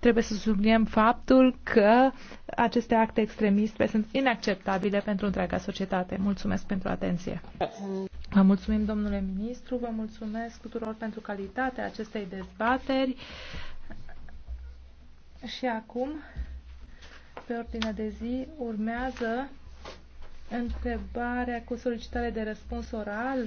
Trebuie să subliniem faptul că aceste acte extremiste sunt inacceptabile pentru întreaga societate. Mulțumesc pentru atenție. Vă mulțumim, domnule ministru, vă mulțumesc tuturor pentru calitatea acestei dezbateri. Și acum, pe ordinea de zi, urmează întrebarea cu solicitare de răspuns oral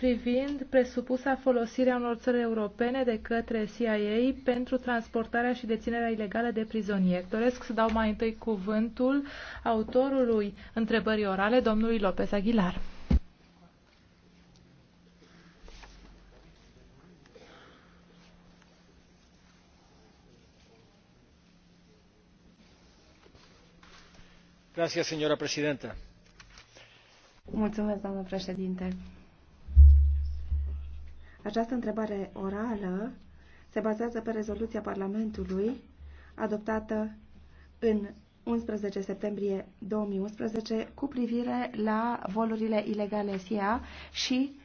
privind presupusa folosirea unor țări europene de către CIA pentru transportarea și deținerea ilegală de prizonieri. Doresc să dau mai întâi cuvântul autorului întrebării orale, domnului Lopez Aguilar. Gracias, señora presidenta. Mulțumesc, doamnă președinte. Această întrebare orală se bazează pe rezoluția Parlamentului adoptată în 11 septembrie 2011 cu privire la volurile ilegale SIA și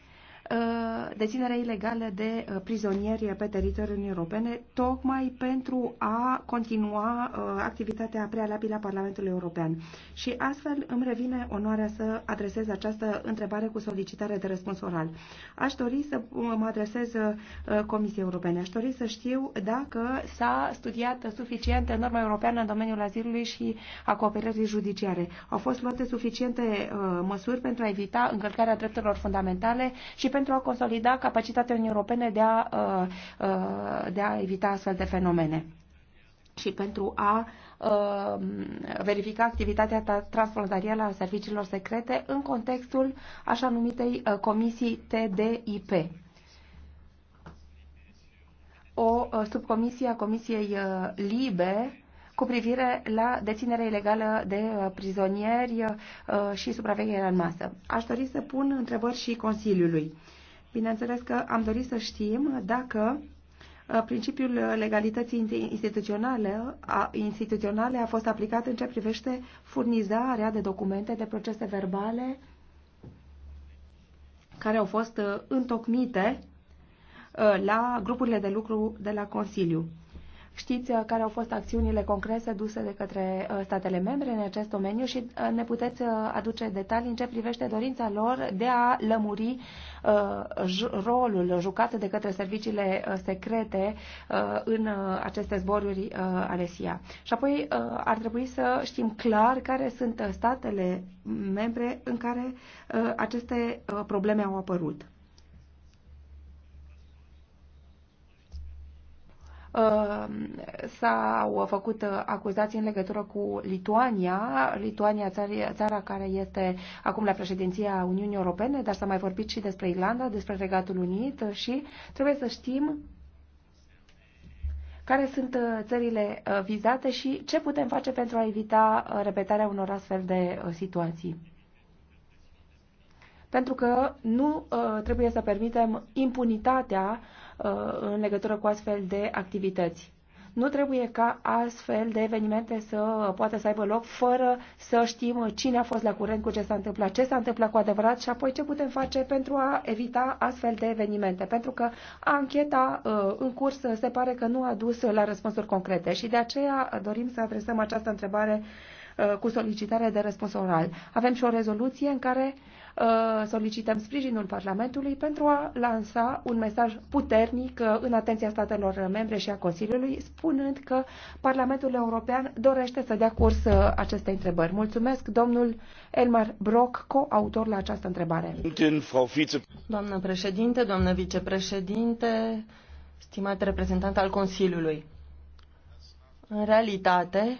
Uh, deținerea ilegală de uh, prizonieri pe teritoriul Uniunii Europene, tocmai pentru a continua uh, activitatea prealabilă a Parlamentului European. Și astfel îmi revine onoarea să adresez această întrebare cu solicitare de răspuns oral. Aș dori să mă adresez Comisiei Europene. Aș dori să știu dacă s-a studiat suficient norma europeană în domeniul azilului și a cooperării judiciare. Au fost luate suficiente măsuri pentru a evita încălcarea drepturilor fundamentale și pentru a consolida capacitatea Uniunii Europene de a, uh, uh, de a evita astfel de fenomene și pentru a uh, verifica activitatea transfrontalieră a serviciilor secrete în contextul așa numitei comisii TDIP. O subcomisie a Comisiei Libe cu privire la deținerea ilegală de uh, prizonieri uh, și supravegherea în masă. Aș dori să pun întrebări și Consiliului. Bineînțeles că am dorit să știm dacă uh, principiul legalității instituționale a, instituționale a fost aplicat în ce privește furnizarea de documente, de procese verbale care au fost întocmite la grupurile de lucru de la Consiliu. Știți uh, care au fost acțiunile concrete duse de către uh, statele membre în acest domeniu și uh, ne puteți aduce detalii în ce privește dorința lor de a lămuri rolul jucat de către serviciile secrete în aceste zboruri ale SIA. Și apoi ar trebui să știm clar care sunt statele membre în care aceste probleme au apărut. Ehm, s-au făcut acuzații în legătură cu Lituania, Lituania țara care este acum la președinția Uniunii Europene, dar s-a mai vorbit și despre Irlanda, despre Regatul Unit și trebuie să știm care sunt uh, țările uh, vizate și ce putem face pentru a evita uh, repetarea unor astfel de situații. Pentru că nu trebuie să permitem impunitatea Uh, în legătură cu astfel de activități. Nu trebuie ca astfel de evenimente să poată să aibă loc fără să știm cine a fost la curent cu ce s-a întâmplat, ce s-a întâmplat cu adevărat și apoi ce putem face pentru a evita astfel de evenimente. Pentru că ancheta uh, în curs se pare că nu a dus la răspunsuri concrete și de aceea dorim să adresăm această întrebare uh, cu solicitare de răspuns oral. Avem și o rezoluție în care uh, Uh, solicităm sprijinul Parlamentului pentru a lansa un mesaj puternic uh, în atenția statelor membre și a Consiliului, spunând că Parlamentul European dorește să dea curs uh, acestei întrebări. Mulțumesc, domnul Elmar Brock, coautor la această întrebare. Doamnă președinte, doamnă vicepreședinte, stimat reprezentant al Consiliului, în realitate,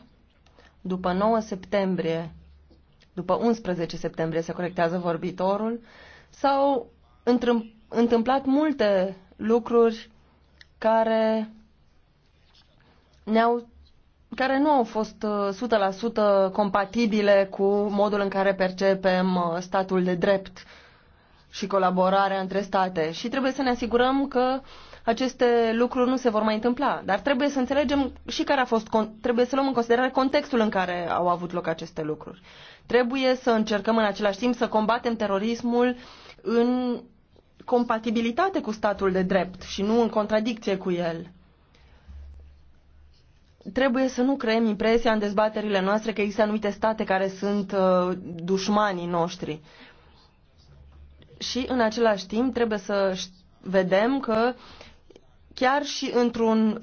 după 9 septembrie după 11 septembrie, se corectează vorbitorul, s-au întâmplat multe lucruri care, ne-au, care nu au fost 100% uh, compatibile cu modul în care percepem uh, statul de drept și colaborarea între state. Și trebuie să ne asigurăm că uh, aceste lucruri nu se vor mai întâmpla. Dar trebuie să înțelegem și care a fost, trebuie să luăm în considerare contextul în care au avut loc aceste lucruri. Trebuie să încercăm în același timp să combatem terorismul în compatibilitate cu statul de drept și nu în contradicție cu el trebuie să nu creăm impresia în dezbaterile noastre că există anumite state care sunt uh, dușmanii noștri. Și în același timp trebuie să vedem că chiar și într-un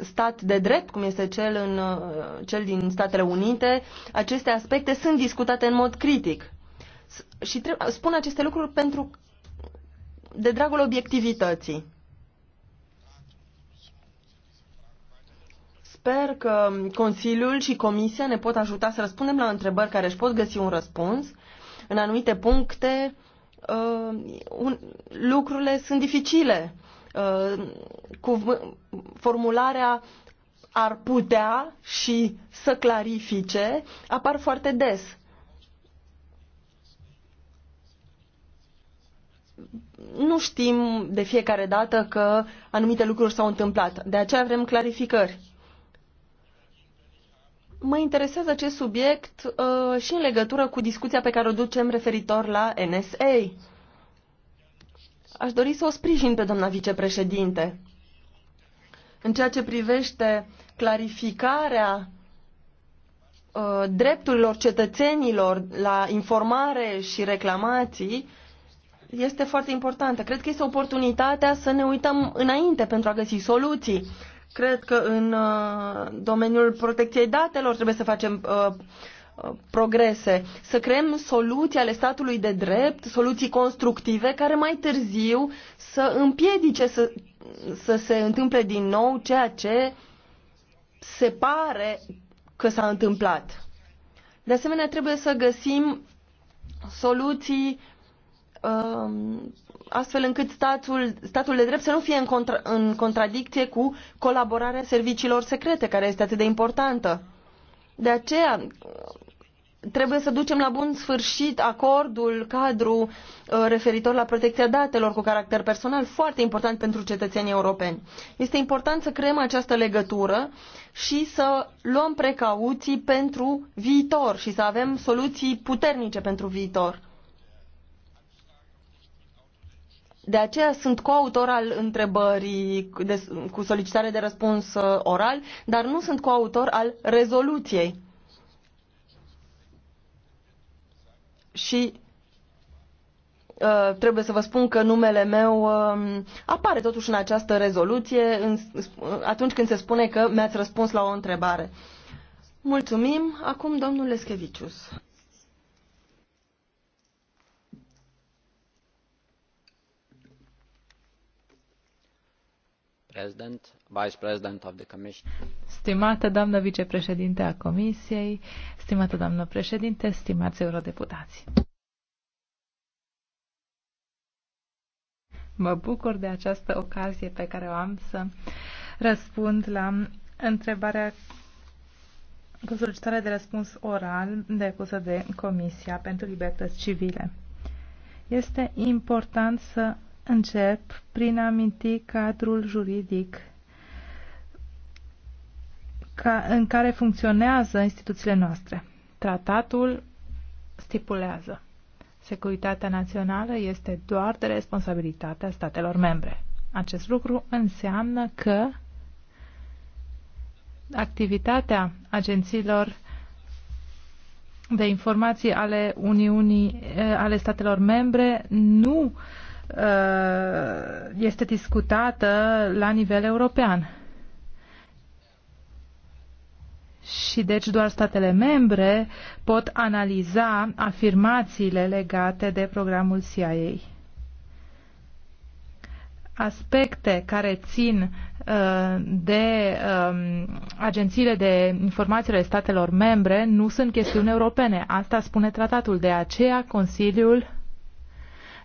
stat de drept, cum este cel, în, uh, cel din Statele Unite, aceste aspecte sunt discutate în mod critic. Și spun aceste lucruri pentru de dragul obiectivității. Sper că Consiliul și Comisia ne pot ajuta să răspundem la întrebări care își pot găsi un răspuns. În anumite puncte, uh, un, lucrurile sunt dificile Uh, formularea ar putea și să clarifice apar foarte des. Nu știm de fiecare dată că anumite lucruri s-au întâmplat, de aceea vrem clarificări. Mă interesează acest subiect uh, și în legătură cu discuția pe care o ducem referitor la NSA aș dori să o sprijin pe doamna vicepreședinte. În ceea ce privește clarificarea uh, drepturilor cetățenilor la informare și reclamații, este foarte importantă. Cred că este oportunitatea să ne uităm înainte pentru a găsi soluții. Cred că în uh, domeniul protecției datelor trebuie să facem uh, Uh, progrese, să creăm soluții ale statului de drept, soluții constructive care mai târziu să împiedice să, să se întâmple din nou ceea ce se pare că s-a întâmplat. De asemenea, trebuie să găsim soluții um, astfel încât statul, statul de drept să nu fie în, contra, în contradicție cu colaborarea serviciilor secrete, care este atât de importantă. De aceea, trebuie să ducem la bun sfârșit acordul cadru uh, referitor la protecția datelor cu caracter personal, foarte important pentru cetățenii europeni. Este important să creăm această legătură și să luăm precauții pentru viitor și să avem soluții puternice pentru viitor. De aceea sunt coautor al întrebării cu solicitare de răspuns uh, oral, dar nu sunt coautor al rezoluției. și uh, trebuie să vă spun că numele meu uh, apare totuși în această rezoluție în, atunci când se spune că mi-ați răspuns la o întrebare. Mulțumim. Acum domnul Leschevicius. President, Vice President of the Commission. Stimată doamnă vicepreședinte a Comisiei, stimată doamnă președinte, stimați eurodeputați. Mă bucur de această ocazie pe care o am să răspund la întrebarea cu solicitare de răspuns oral depusă de Comisia pentru Libertăți Civile. Este important să încep prin a aminti cadrul juridic ca, în care funcționează instituțiile noastre. Tratatul stipulează. Securitatea națională este doar de responsabilitatea statelor membre. Acest lucru înseamnă că activitatea agențiilor de informații ale Uniunii, eh, ale statelor membre nu eh, este discutată la nivel european și deci doar statele membre pot analiza afirmațiile legate de programul CIA. Aspecte care țin uh, de um, agențiile de informații ale statelor membre nu sunt chestiuni europene. Asta spune tratatul. De aceea Consiliul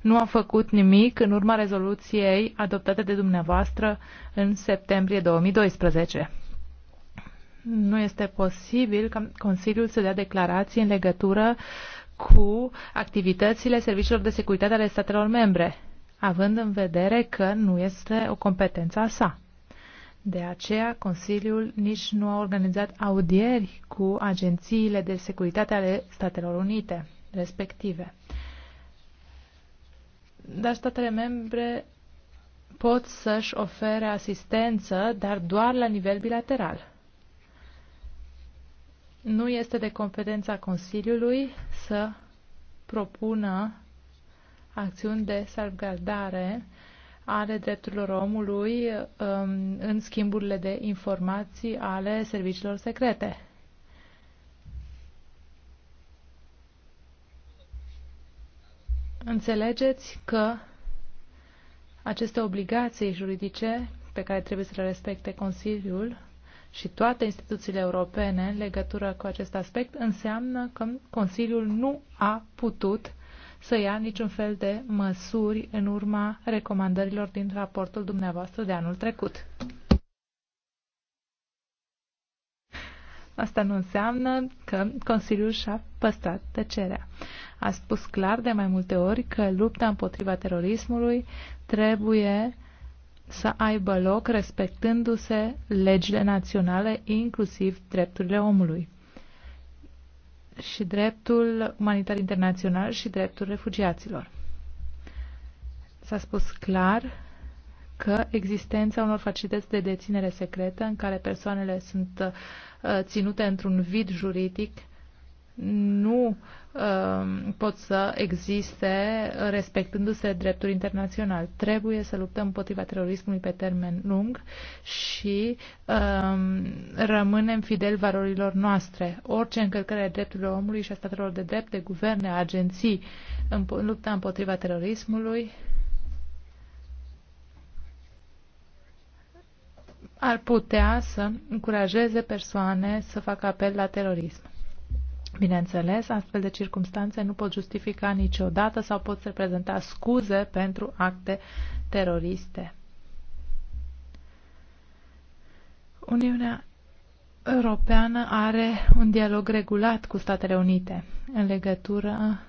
nu a făcut nimic în urma rezoluției adoptate de dumneavoastră în septembrie 2012 nu este posibil ca Consiliul să dea declarații în legătură cu activitățile serviciilor de securitate ale statelor membre, având în vedere că nu este o competență a sa. De aceea, Consiliul nici nu a organizat audieri cu agențiile de securitate ale Statelor Unite respective. Dar statele membre pot să-și ofere asistență, dar doar la nivel bilateral nu este de competența Consiliului să propună acțiuni de salvgardare ale drepturilor omului um, în schimburile de informații ale serviciilor secrete. Înțelegeți că aceste obligații juridice pe care trebuie să le respecte Consiliul și toate instituțiile europene în legătură cu acest aspect, înseamnă că Consiliul nu a putut să ia niciun fel de măsuri în urma recomandărilor din raportul dumneavoastră de anul trecut. Asta nu înseamnă că Consiliul și-a păstrat tăcerea. A spus clar de mai multe ori că lupta împotriva terorismului trebuie să aibă loc respectându-se legile naționale, inclusiv drepturile omului și dreptul umanitar internațional și dreptul refugiaților. S-a spus clar că existența unor facilități de deținere secretă în care persoanele sunt uh, ținute într-un vid juridic nu um, pot să existe respectându-se dreptul internațional. Trebuie să luptăm împotriva terorismului pe termen lung și um, rămânem fideli valorilor noastre. Orice încălcare a drepturilor omului și a statelor de drept, de guverne, agenții în lupta împotriva terorismului ar putea să încurajeze persoane să facă apel la terorism. Bineînțeles, astfel de circumstanțe nu pot justifica niciodată sau pot reprezenta scuze pentru acte teroriste. Uniunea Europeană are un dialog regulat cu Statele Unite în legătură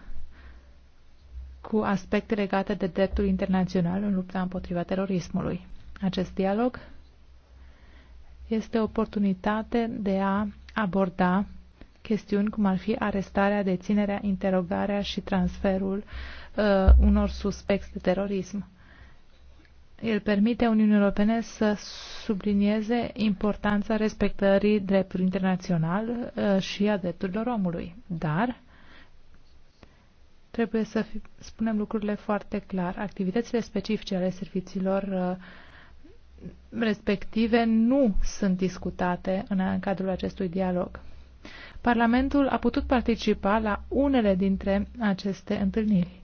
cu aspecte legate de dreptul internațional în lupta împotriva terorismului. Acest dialog este o oportunitate de a aborda chestiuni cum ar fi arestarea, deținerea, interogarea și transferul uh, unor suspecți de terorism. El permite Uniunii Europene să sublinieze importanța respectării dreptului internațional uh, și a drepturilor omului, dar trebuie să fi, spunem lucrurile foarte clar. Activitățile specifice ale serviciilor uh, respective nu sunt discutate în, în cadrul acestui dialog. Parlamentul a putut participa la unele dintre aceste întâlniri.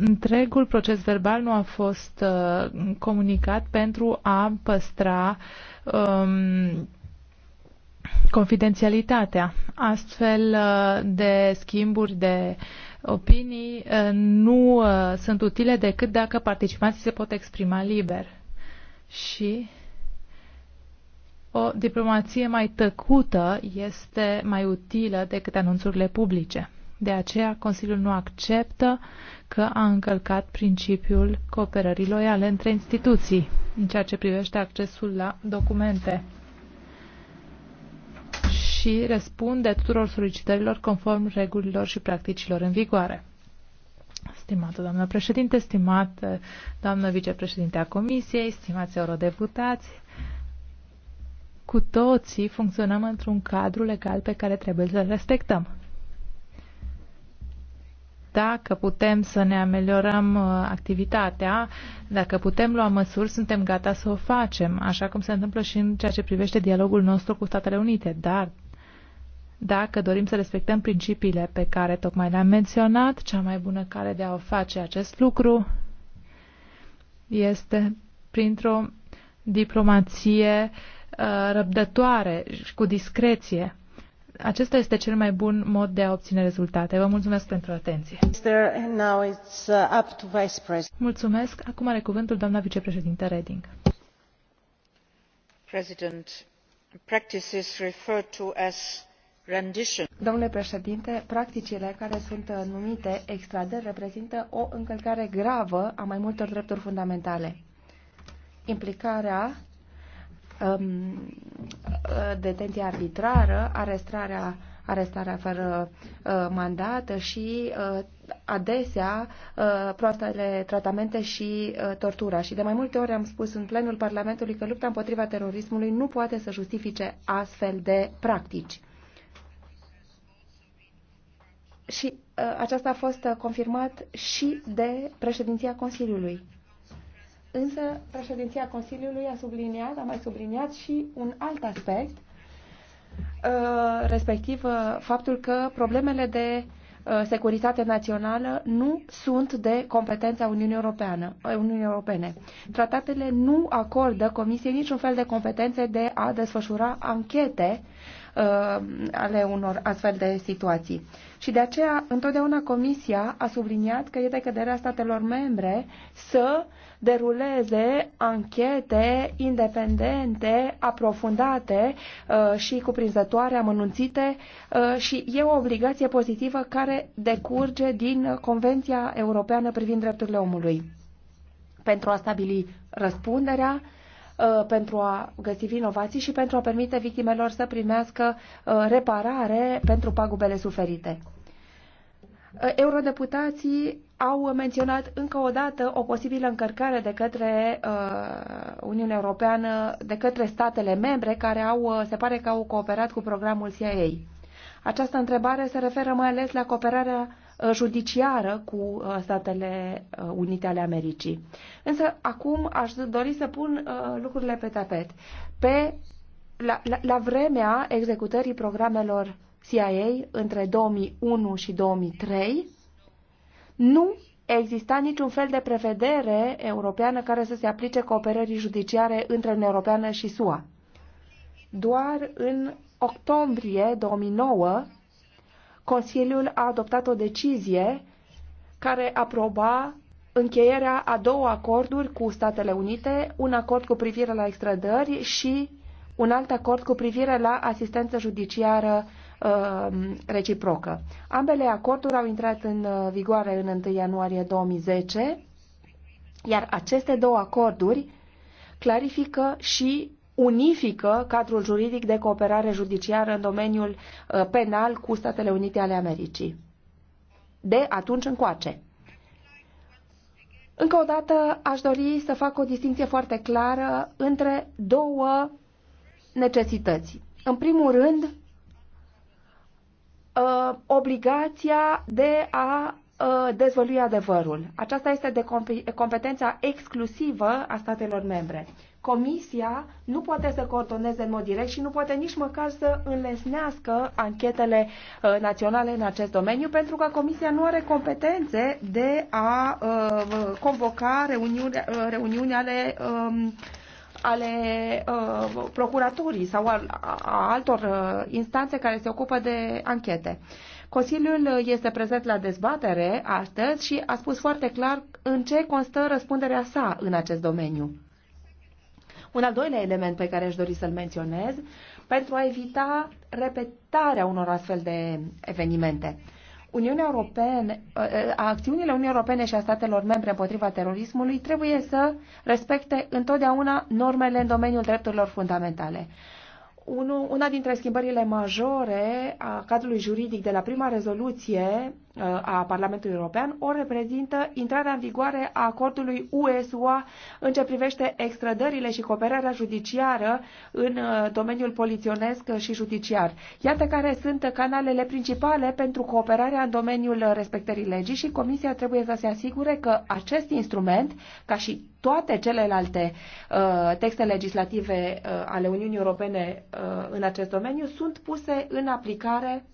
Întregul proces verbal nu a fost uh, comunicat pentru a păstra um, confidențialitatea. Astfel uh, de schimburi de opinii uh, nu uh, sunt utile decât dacă participanții se pot exprima liber. Și o diplomație mai tăcută este mai utilă decât anunțurile publice. De aceea, Consiliul nu acceptă că a încălcat principiul cooperării loiale între instituții în ceea ce privește accesul la documente și răspunde tuturor solicitărilor conform regulilor și practicilor în vigoare. Stimată doamnă președinte, stimată doamnă vicepreședinte a Comisiei, stimați eurodeputați, cu toții funcționăm într-un cadru legal pe care trebuie să-l respectăm. Dacă putem să ne ameliorăm uh, activitatea, dacă putem lua măsuri, suntem gata să o facem, așa cum se întâmplă și în ceea ce privește dialogul nostru cu Statele Unite. Dar dacă dorim să respectăm principiile pe care tocmai le-am menționat, cea mai bună cale de a o face acest lucru este printr-o diplomație uh, Uh, răbdătoare și cu discreție. Acesta este cel mai bun mod de a obține rezultate. Vă mulțumesc pentru atenție. Uh, mulțumesc. Acum are cuvântul doamna vicepreședintă Reding. Domnule președinte, practicile care sunt uh, numite extradări reprezintă o încălcare gravă a mai multor drepturi fundamentale. Implicarea um, detenția arbitrară, arestarea, arestarea fără uh, mandat și uh, adesea uh, proastele tratamente și uh, tortura. Și de mai multe ori am spus în plenul Parlamentului că lupta împotriva terorismului nu poate să justifice astfel de practici. Și uh, aceasta a fost confirmat și de președinția Consiliului Însă, președinția Consiliului a subliniat, a mai subliniat și un alt aspect, uh, respectiv uh, faptul că problemele de uh, securitate națională nu sunt de competența Uniunii, Europeană, Uniunii Europene. Tratatele nu acordă Comisiei niciun fel de competențe de a desfășura anchete ale unor astfel de situații. Și de aceea, întotdeauna Comisia a subliniat că e de căderea statelor membre să deruleze anchete independente, aprofundate uh, și cuprinzătoare, amănunțite uh, și e o obligație pozitivă care decurge din Convenția Europeană privind drepturile omului pentru a stabili răspunderea, uh, pentru a găsi vinovații și pentru a permite victimelor să primească reparare pentru pagubele suferite. Eh, eurodeputații au menționat încă o dată o posibilă încărcare de către uh, Uniunea Europeană, de către statele membre care au, eh, se pare că au cooperat cu programul CIA. Această întrebare se referă mai ales la cooperarea judiciară cu Statele Unite ale Americii. Însă acum aș dori să pun uh, lucrurile pe tapet. Pe, la, la, la vremea executării programelor CIA între 2001 și 2003, nu exista niciun fel de prevedere europeană care să se aplice cooperării judiciare între Uniunea Europeană și SUA. Doar în octombrie 2009, Consiliul a adoptat o decizie care aproba încheierea a două acorduri cu Statele Unite, un acord cu privire la extrădări și un alt acord cu privire la asistență judiciară Um, reciprocă. Ambele acorduri au intrat în uh, vigoare în 1 ianuarie 2010, iar aceste două acorduri clarifică și unifică cadrul juridic de cooperare judiciară în domeniul uh, penal cu Statele Unite ale Americii. De atunci încoace. Încă o dată aș dori să fac o distinție foarte clară între două necesități. În primul rând, uh, obligația de a uh, dezvălui adevărul. Aceasta este de competența exclusivă a statelor membre. Comisia nu poate să coordoneze în mod direct și nu poate nici măcar să înlesnească anchetele uh, naționale în acest domeniu, pentru că Comisia nu are competențe de a uh, convoca reuniuni, uh, reuniuni ale. Uh, ale uh, procuratorii sau al, a altor uh, instanțe care se ocupă de anchete. Consiliul este prezent la dezbatere astăzi și a spus foarte clar în ce constă răspunderea sa în acest domeniu. Un al doilea element pe care aș dori să-l menționez, pentru a evita repetarea unor astfel de evenimente. Uniunea Europeană, ă, ă, a acțiunile Uniunii Europene și a statelor membre împotriva terorismului trebuie să respecte întotdeauna normele în domeniul drepturilor fundamentale. Una dintre schimbările majore a cadrului juridic de la prima rezoluție Uh, a Parlamentului European o reprezintă intrarea în vigoare a acordului ue în ce privește extrădările și cooperarea judiciară în uh, domeniul poliționesc și judiciar. Iată care sunt canalele principale pentru cooperarea în domeniul respectării legii și Comisia trebuie să se asigure că acest instrument, ca și toate celelalte uh, texte legislative uh, ale Uniunii Europene uh, în acest domeniu, sunt puse în aplicare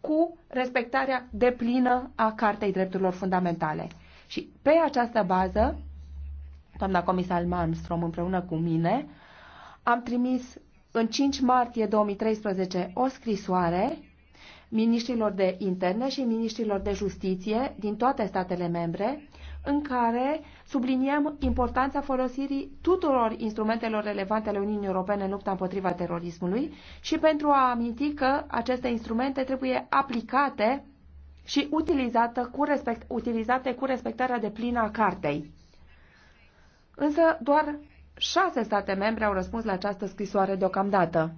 cu respectarea deplină a Cartei Drepturilor Fundamentale. Și pe această bază, doamna comisar Malmström împreună cu mine, am trimis în 5 martie 2013 o scrisoare ministrilor de interne și ministrilor de justiție din toate statele membre în care subliniem importanța folosirii tuturor instrumentelor relevante ale Uniunii Europene în lupta împotriva terorismului și pentru a aminti că aceste instrumente trebuie aplicate și utilizate cu respect, utilizate cu respectarea de plină a cartei. Însă doar șase state membre au răspuns la această scrisoare deocamdată.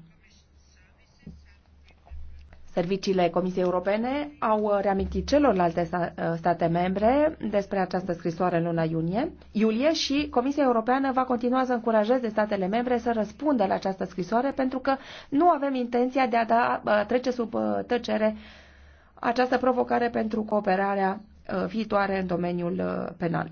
Serviciile Comisiei Europene au reamintit celorlalte ă, state membre despre această scrisoare în luna iunie, iulie și Comisia Europeană va continua să încurajeze statele membre să răspundă la această scrisoare pentru că nu avem intenția de a da, ă, trece sub ă, tăcere această provocare pentru cooperarea viitoare în domeniul penal.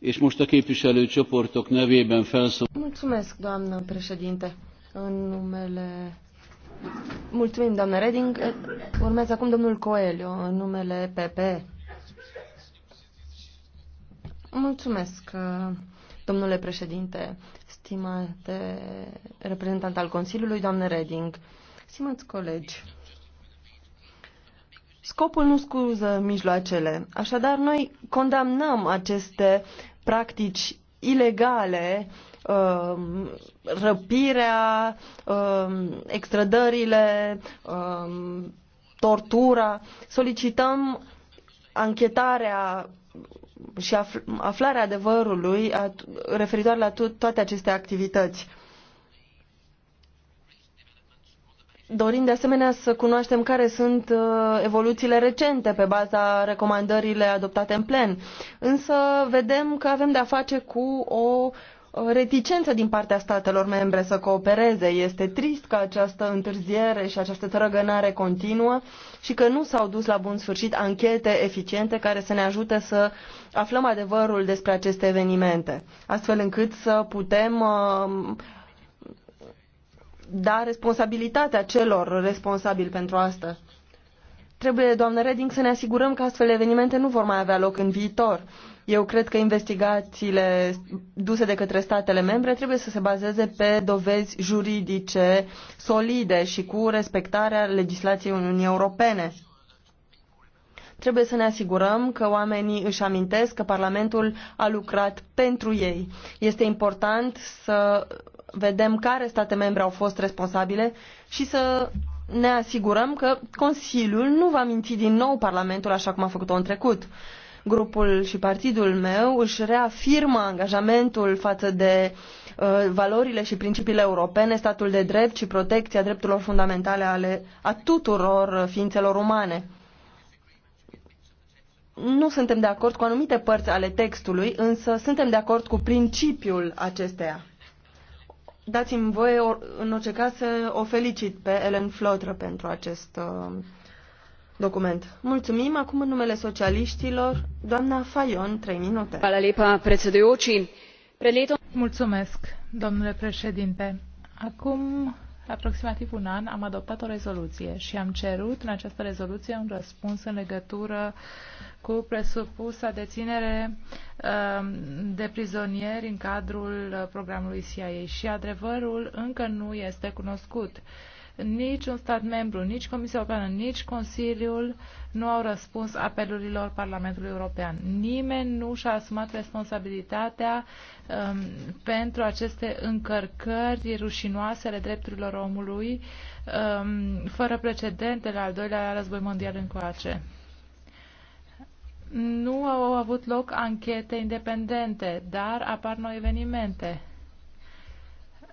És most a képviselőcsoportok nevében felszólal. Mulțumesc, doamnă președinte. În numele... Mulțumim, doamnă Reding. Urmează acum domnul Coelho, în numele PP. Mulțumesc, domnule președinte, stimate reprezentant al Consiliului, doamnă Reding, stimați colegi. Scopul nu scuză mijloacele. Așadar, noi condamnăm aceste practici ilegale, um, răpirea, um, extrădările, um, tortura. Solicităm anchetarea și aflarea adevărului referitoare la toate aceste activități Dorim de asemenea să cunoaștem care sunt uh, evoluțiile recente pe baza recomandările adoptate în plen. Însă vedem că avem de-a face cu o uh, reticență din partea statelor membre să coopereze. Este trist că această întârziere și această trăgănare continuă și că nu s-au dus la bun sfârșit anchete eficiente care să ne ajute să aflăm adevărul despre aceste evenimente, astfel încât să putem uh, da responsabilitatea celor responsabili pentru asta. Trebuie, doamnă Reding, să ne asigurăm că astfel de evenimente nu vor mai avea loc în viitor. Eu cred că investigațiile duse de către statele membre trebuie să se bazeze pe dovezi juridice solide și cu respectarea legislației Uniunii Europene. Trebuie să ne asigurăm că oamenii își amintesc că Parlamentul a lucrat pentru ei. Este important să vedem care state membre au fost responsabile și să ne asigurăm că Consiliul nu va minți din nou Parlamentul așa cum a făcut-o în trecut. Grupul și partidul meu își reafirmă angajamentul față de uh, valorile și principiile europene, statul de drept și protecția drepturilor fundamentale ale a tuturor ființelor umane. Nu suntem de acord cu anumite părți ale textului, însă suntem de acord cu principiul acesteia dați-mi voie, în orice caz, să o felicit pe Ellen Flotră pentru acest uh, document. Mulțumim. Acum, în numele socialiștilor, doamna Fayon, trei minute. Mulțumesc, domnule președinte. Acum aproximativ un an am adoptat o rezoluție și am cerut în această rezoluție un răspuns în legătură cu presupusa deținere Um, de prizonieri în cadrul uh, programului CIA și adevărul încă nu este cunoscut. Nici un stat membru, nici Comisia Europeană, nici Consiliul nu au răspuns apelurilor Parlamentului European. Nimeni nu și-a asumat responsabilitatea um, pentru aceste încărcări rușinoase ale drepturilor omului um, fără precedente la al doilea război mondial încoace. Nu au avut loc anchete independente, dar apar noi evenimente.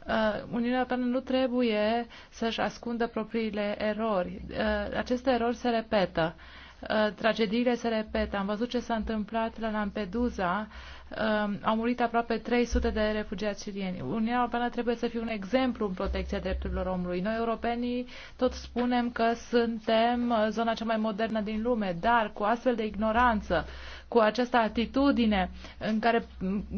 Uh, Uniunea Europeană nu trebuie să-și ascundă propriile erori. Uh, aceste erori se repetă. Uh, tragediile se repetă. Am văzut ce s-a întâmplat la Lampedusa. Uh, Um, au murit aproape 300 de refugiați sirieni. Uniunea Europeană trebuie să fie un exemplu în protecția drepturilor omului. Noi, europenii, tot spunem că suntem uh, zona cea mai modernă din lume, dar cu astfel de ignoranță cu această atitudine în care,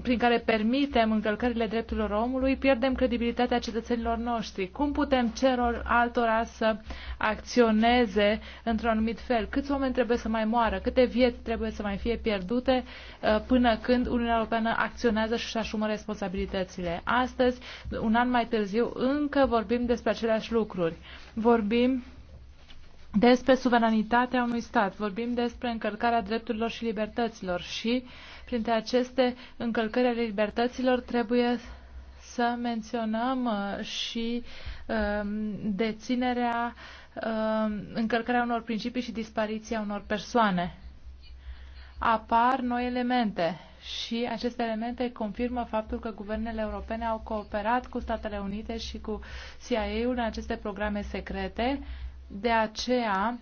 prin care permitem încălcările drepturilor omului, pierdem credibilitatea cetățenilor noștri. Cum putem cerul altora să acționeze într-un anumit fel? Câți oameni trebuie să mai moară? Câte vieți trebuie să mai fie pierdute uh, până când Uniunea Europeană acționează și își asumă responsabilitățile? Astăzi, un an mai târziu, încă vorbim despre aceleași lucruri. Vorbim despre suveranitatea unui stat, vorbim despre încălcarea drepturilor și libertăților și printre aceste încălcări ale libertăților trebuie să menționăm uh, și um, deținerea, um, încălcarea unor principii și dispariția unor persoane. Apar noi elemente și aceste elemente confirmă faptul că guvernele europene au cooperat cu Statele Unite și cu CIA-ul în aceste programe secrete de aceea,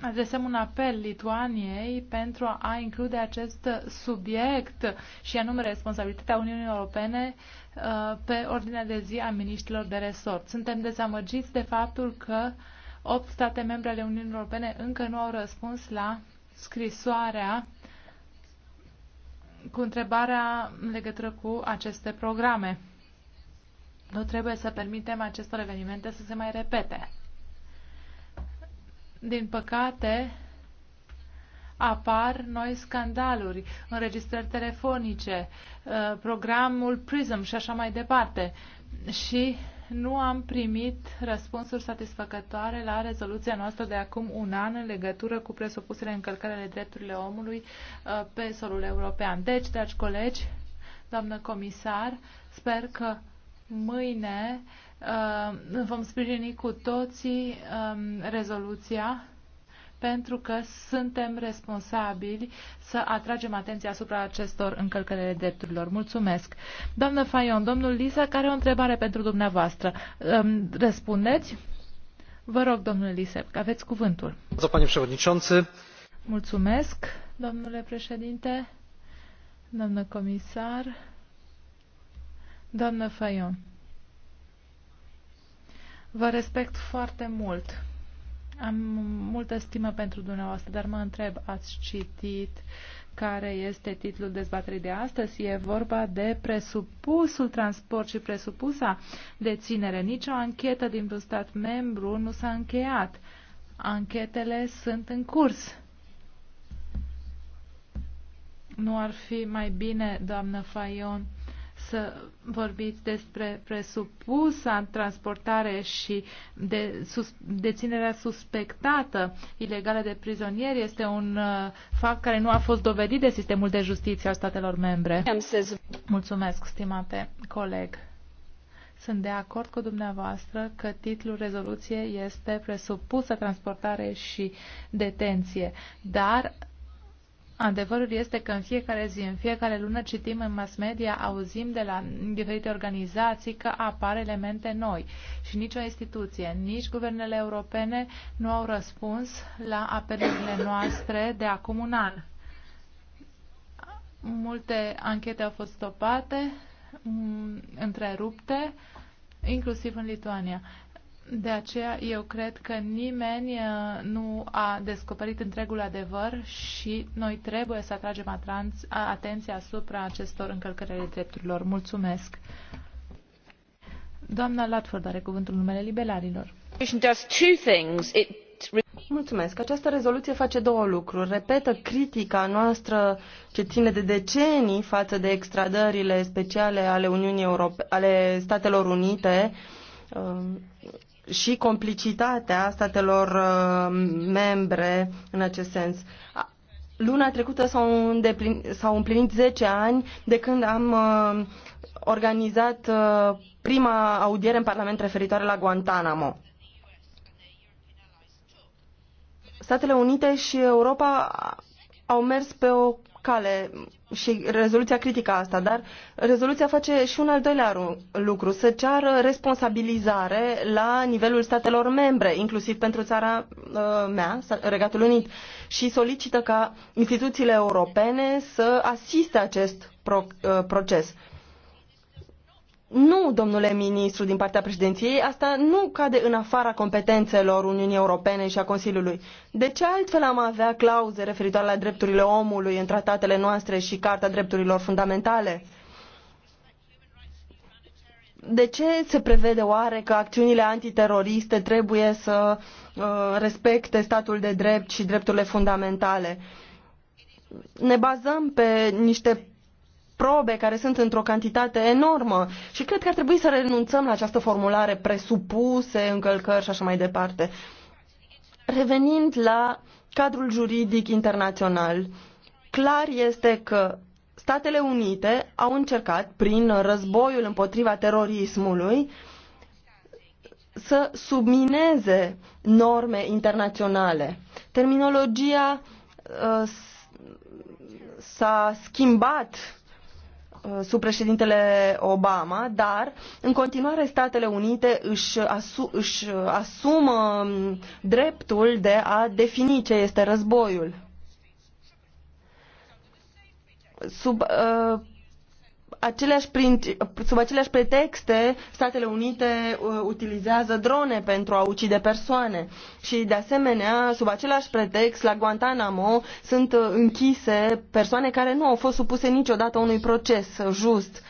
adresăm un apel Lituaniei pentru a include acest subiect și anume responsabilitatea Uniunii Europene uh, pe ordinea de zi a miniștrilor de resort. Suntem dezamăgiți de faptul că 8 state membre ale Uniunii Europene încă nu au răspuns la scrisoarea cu întrebarea în legătură cu aceste programe. Nu trebuie să permitem acestor evenimente să se mai repete. Din păcate, apar noi scandaluri, înregistrări telefonice, uh, programul PRISM și așa mai departe. Și nu am primit răspunsuri satisfăcătoare la rezoluția noastră de acum un an în legătură cu presupusele încălcări ale drepturile omului uh, pe solul european. Deci, dragi colegi, doamnă comisar, sper că mâine uh, Uh, vom sprijini cu toții um, rezoluția pentru că suntem responsabili să atragem atenția asupra acestor încălcări de drepturilor. Mulțumesc. Doamnă Faion, domnul Lisa, care o întrebare pentru dumneavoastră. Um, răspundeți? Vă rog, domnule Lisep, că aveți cuvântul. Mulțumesc, domnule președinte, domnule comisar, doamnă Fayon. Vă respect foarte mult. Am multă stimă pentru dumneavoastră, dar mă întreb, ați citit care este titlul dezbaterii de astăzi? E vorba de presupusul transport și presupusa deținere. Nici o anchetă din un stat membru nu s-a încheiat. Anchetele sunt în curs. Nu ar fi mai bine, doamnă Fayon, să vorbiți despre presupusa transportare și de sus, deținerea suspectată ilegală de prizonieri este un uh, fapt care nu a fost dovedit de sistemul de justiție al statelor membre. Mulțumesc, stimate coleg. Sunt de acord cu dumneavoastră că titlul rezoluției este presupusă transportare și detenție, dar Adevărul este că în fiecare zi, în fiecare lună citim în mass media, auzim de la diferite organizații că apar elemente noi și nicio instituție, nici guvernele europene nu au răspuns la apelurile noastre de acum un an. Multe anchete au fost stopate, întrerupte, inclusiv în Lituania. De aceea eu cred că nimeni uh, nu a descoperit întregul adevăr și noi trebuie să atragem atenția asupra acestor încălcări ale drepturilor. Mulțumesc! Doamna Latford are cuvântul numele liberalilor. Mulțumesc. Această rezoluție face două lucruri. Repetă critica noastră ce ține de decenii față de extradările speciale ale, Uniunii Europe- ale Statelor Unite um, și complicitatea statelor uh, membre în acest sens. Luna trecută s-au, s-au împlinit 10 ani de când am uh, organizat uh, prima audiere în Parlament referitoare la Guantanamo. Statele Unite și Europa au mers pe o cale și rezoluția critică asta, dar rezoluția face și un al doilea lucru, să ceară responsabilizare la nivelul statelor membre, inclusiv pentru țara uh, mea, Regatul Unit, și solicită ca instituțiile europene să asiste acest uh, proces. Nu, domnule ministru, din partea președinției, asta nu cade în afara competențelor Uniunii Europene și a Consiliului. De ce altfel am avea clauze referitoare la drepturile omului în tratatele noastre și Carta Drepturilor Fundamentale? De ce se prevede oare că acțiunile antiteroriste trebuie să uh, respecte statul de drept și drepturile fundamentale? Ne bazăm pe niște probe care sunt într-o cantitate enormă și cred că ar trebui să renunțăm la această formulare presupuse, încălcări și așa mai departe. Revenind la cadrul juridic internațional, clar este că Statele Unite au încercat, prin războiul împotriva terorismului, să submineze norme internaționale. Terminologia uh, s-a schimbat Uh, sub președintele Obama, dar în continuare Statele Unite își, asu își asumă um, dreptul de a defini ce este războiul. Sub uh, aceleași sub aceleași pretexte Statele Unite uh, utilizează drone pentru a ucide persoane și de asemenea sub același pretext la Guantanamo sunt uh, închise persoane care nu au fost supuse niciodată unui proces just.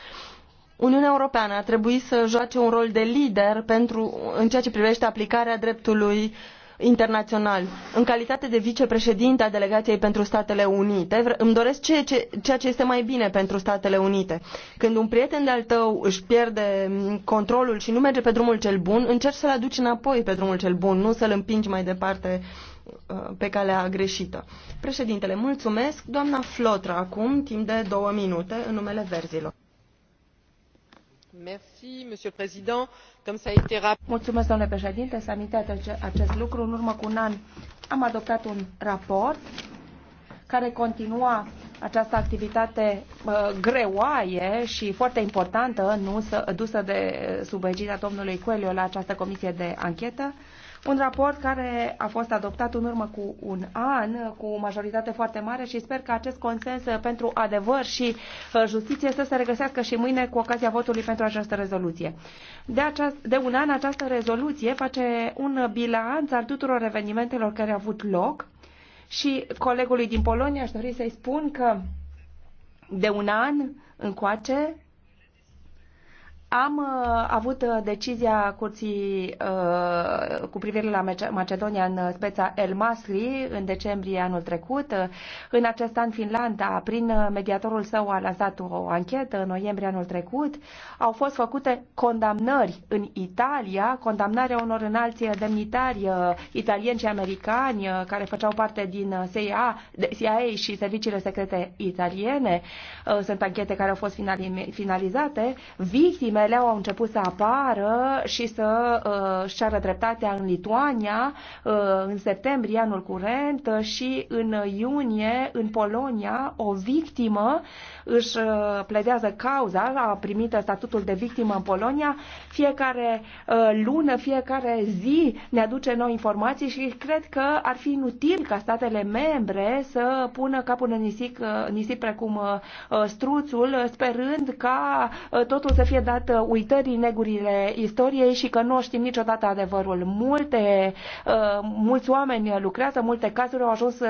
Uniunea Europeană ar trebui să joace un rol de lider pentru, în ceea ce privește aplicarea dreptului uh, internaional În calitate de vicepreședinte a delegației pentru Statele Unite, îmi doresc ceea ce, ceea ce este mai bine pentru Statele Unite. Când un prieten de-al tău își pierde controlul și nu merge pe drumul cel bun, încerci să-l aduci înapoi pe drumul cel bun, nu să-l împingi mai departe uh, pe calea greșită. Președintele, mulțumesc. Doamna Flotră, acum, timp de două minute, în numele verzilor domnule președinte să a acest lucru în urmă cu un an am adoptat un raport care continua această activitate greoaie și foarte importantă dusă de sub egida domnului Coelho la această comisie de anchetă. Un raport care a fost adoptat în urmă cu un an, cu o majoritate foarte mare și sper că acest consens pentru adevăr și uh, justiție să se regăsească și mâine cu ocazia votului pentru această rezoluție. De, aceast, de un an, această rezoluție face un bilanț al tuturor evenimentelor care au avut loc și colegului din Polonia aș dori să-i spun că de un an încoace am uh, avut uh, decizia curții uh, cu privire la Macedonia în speța El Masri în decembrie anul trecut. În acest an, Finlanda, prin uh, mediatorul său, a lansat o anchetă în noiembrie anul trecut. Au fost făcute condamnări în Italia, condamnarea unor înalți demnitari uh, italieni și americani uh, care făceau parte din uh, CIA, CIA și serviciile secrete italiene. Uh, sunt anchete care au fost finalizate. Victime mele au început să apară și să uh, și ceară dreptatea în Lituania uh, în septembrie anul curent și în iunie în Polonia o victimă își uh, pledează cauza, a primit statutul de victimă în Polonia. Fiecare lună, fiecare zi ne aduce noi informații și cred că ar fi inutil ca statele membre să pună capul în nisip, nisip precum struțul, sperând ca totul să fie dat Uh, uitării negurile istoriei și că nu știm niciodată adevărul. Multe, uh, mulți oameni lucrează, multe cazuri au ajuns uh,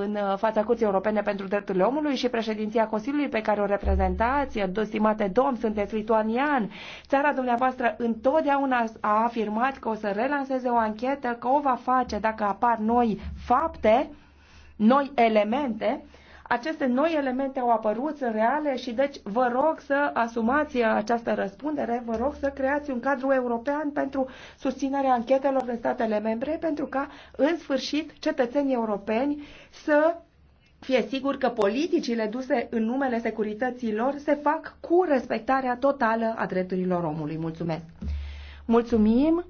în fața Curții Europene pentru Drepturile Omului și președinția Consiliului pe care o reprezentați, stimate domn, sunteți lituanian. Țara dumneavoastră întotdeauna a afirmat că o să relanseze o anchetă, că o va face dacă apar noi fapte, noi elemente aceste noi elemente au apărut, sunt reale și deci vă rog să asumați această răspundere, vă rog să creați un cadru european pentru susținerea anchetelor în statele membre, pentru ca în sfârșit cetățenii europeni să fie sigur că politicile duse în numele securității lor se fac cu respectarea totală a drepturilor omului. Mulțumesc! Mulțumim!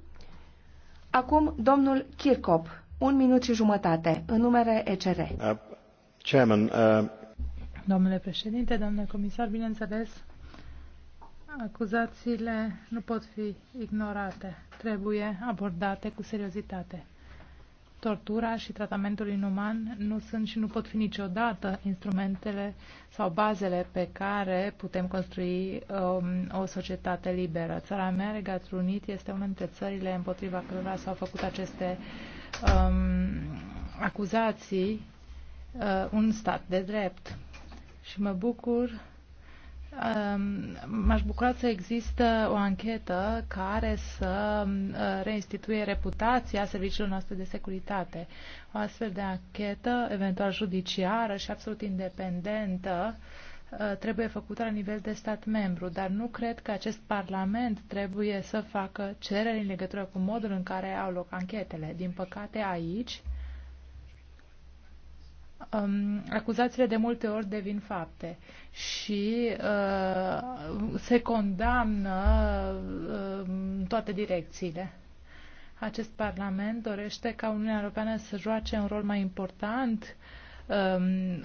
Acum domnul Kirkop, un minut și jumătate, în numere ECR. Uh, Uh, domnule președinte, domnule comisar, bineînțeles, acuzațiile nu pot fi ignorate. Trebuie abordate cu seriozitate. Tortura și tratamentul inuman nu sunt și nu pot fi niciodată instrumentele sau bazele pe care putem construi um, o societate liberă. Țara mea, Regatul Unit, este una dintre țările împotriva cărora s-au făcut aceste um, acuzații uh, un stat de drept. Și mă bucur, um, m-aș bucura să există o anchetă care să um, uh, reinstituie reputația serviciilor noastre de securitate. O astfel de anchetă, eventual judiciară și absolut independentă, uh, trebuie făcută la nivel de stat membru, dar nu cred că acest Parlament trebuie să facă cereri în legătură cu modul în care au loc anchetele. Din păcate, aici, um, acuzațiile de multe ori devin fapte și uh, se condamnă uh, în toate direcțiile. Acest Parlament dorește ca Uniunea Europeană să joace un rol mai important um,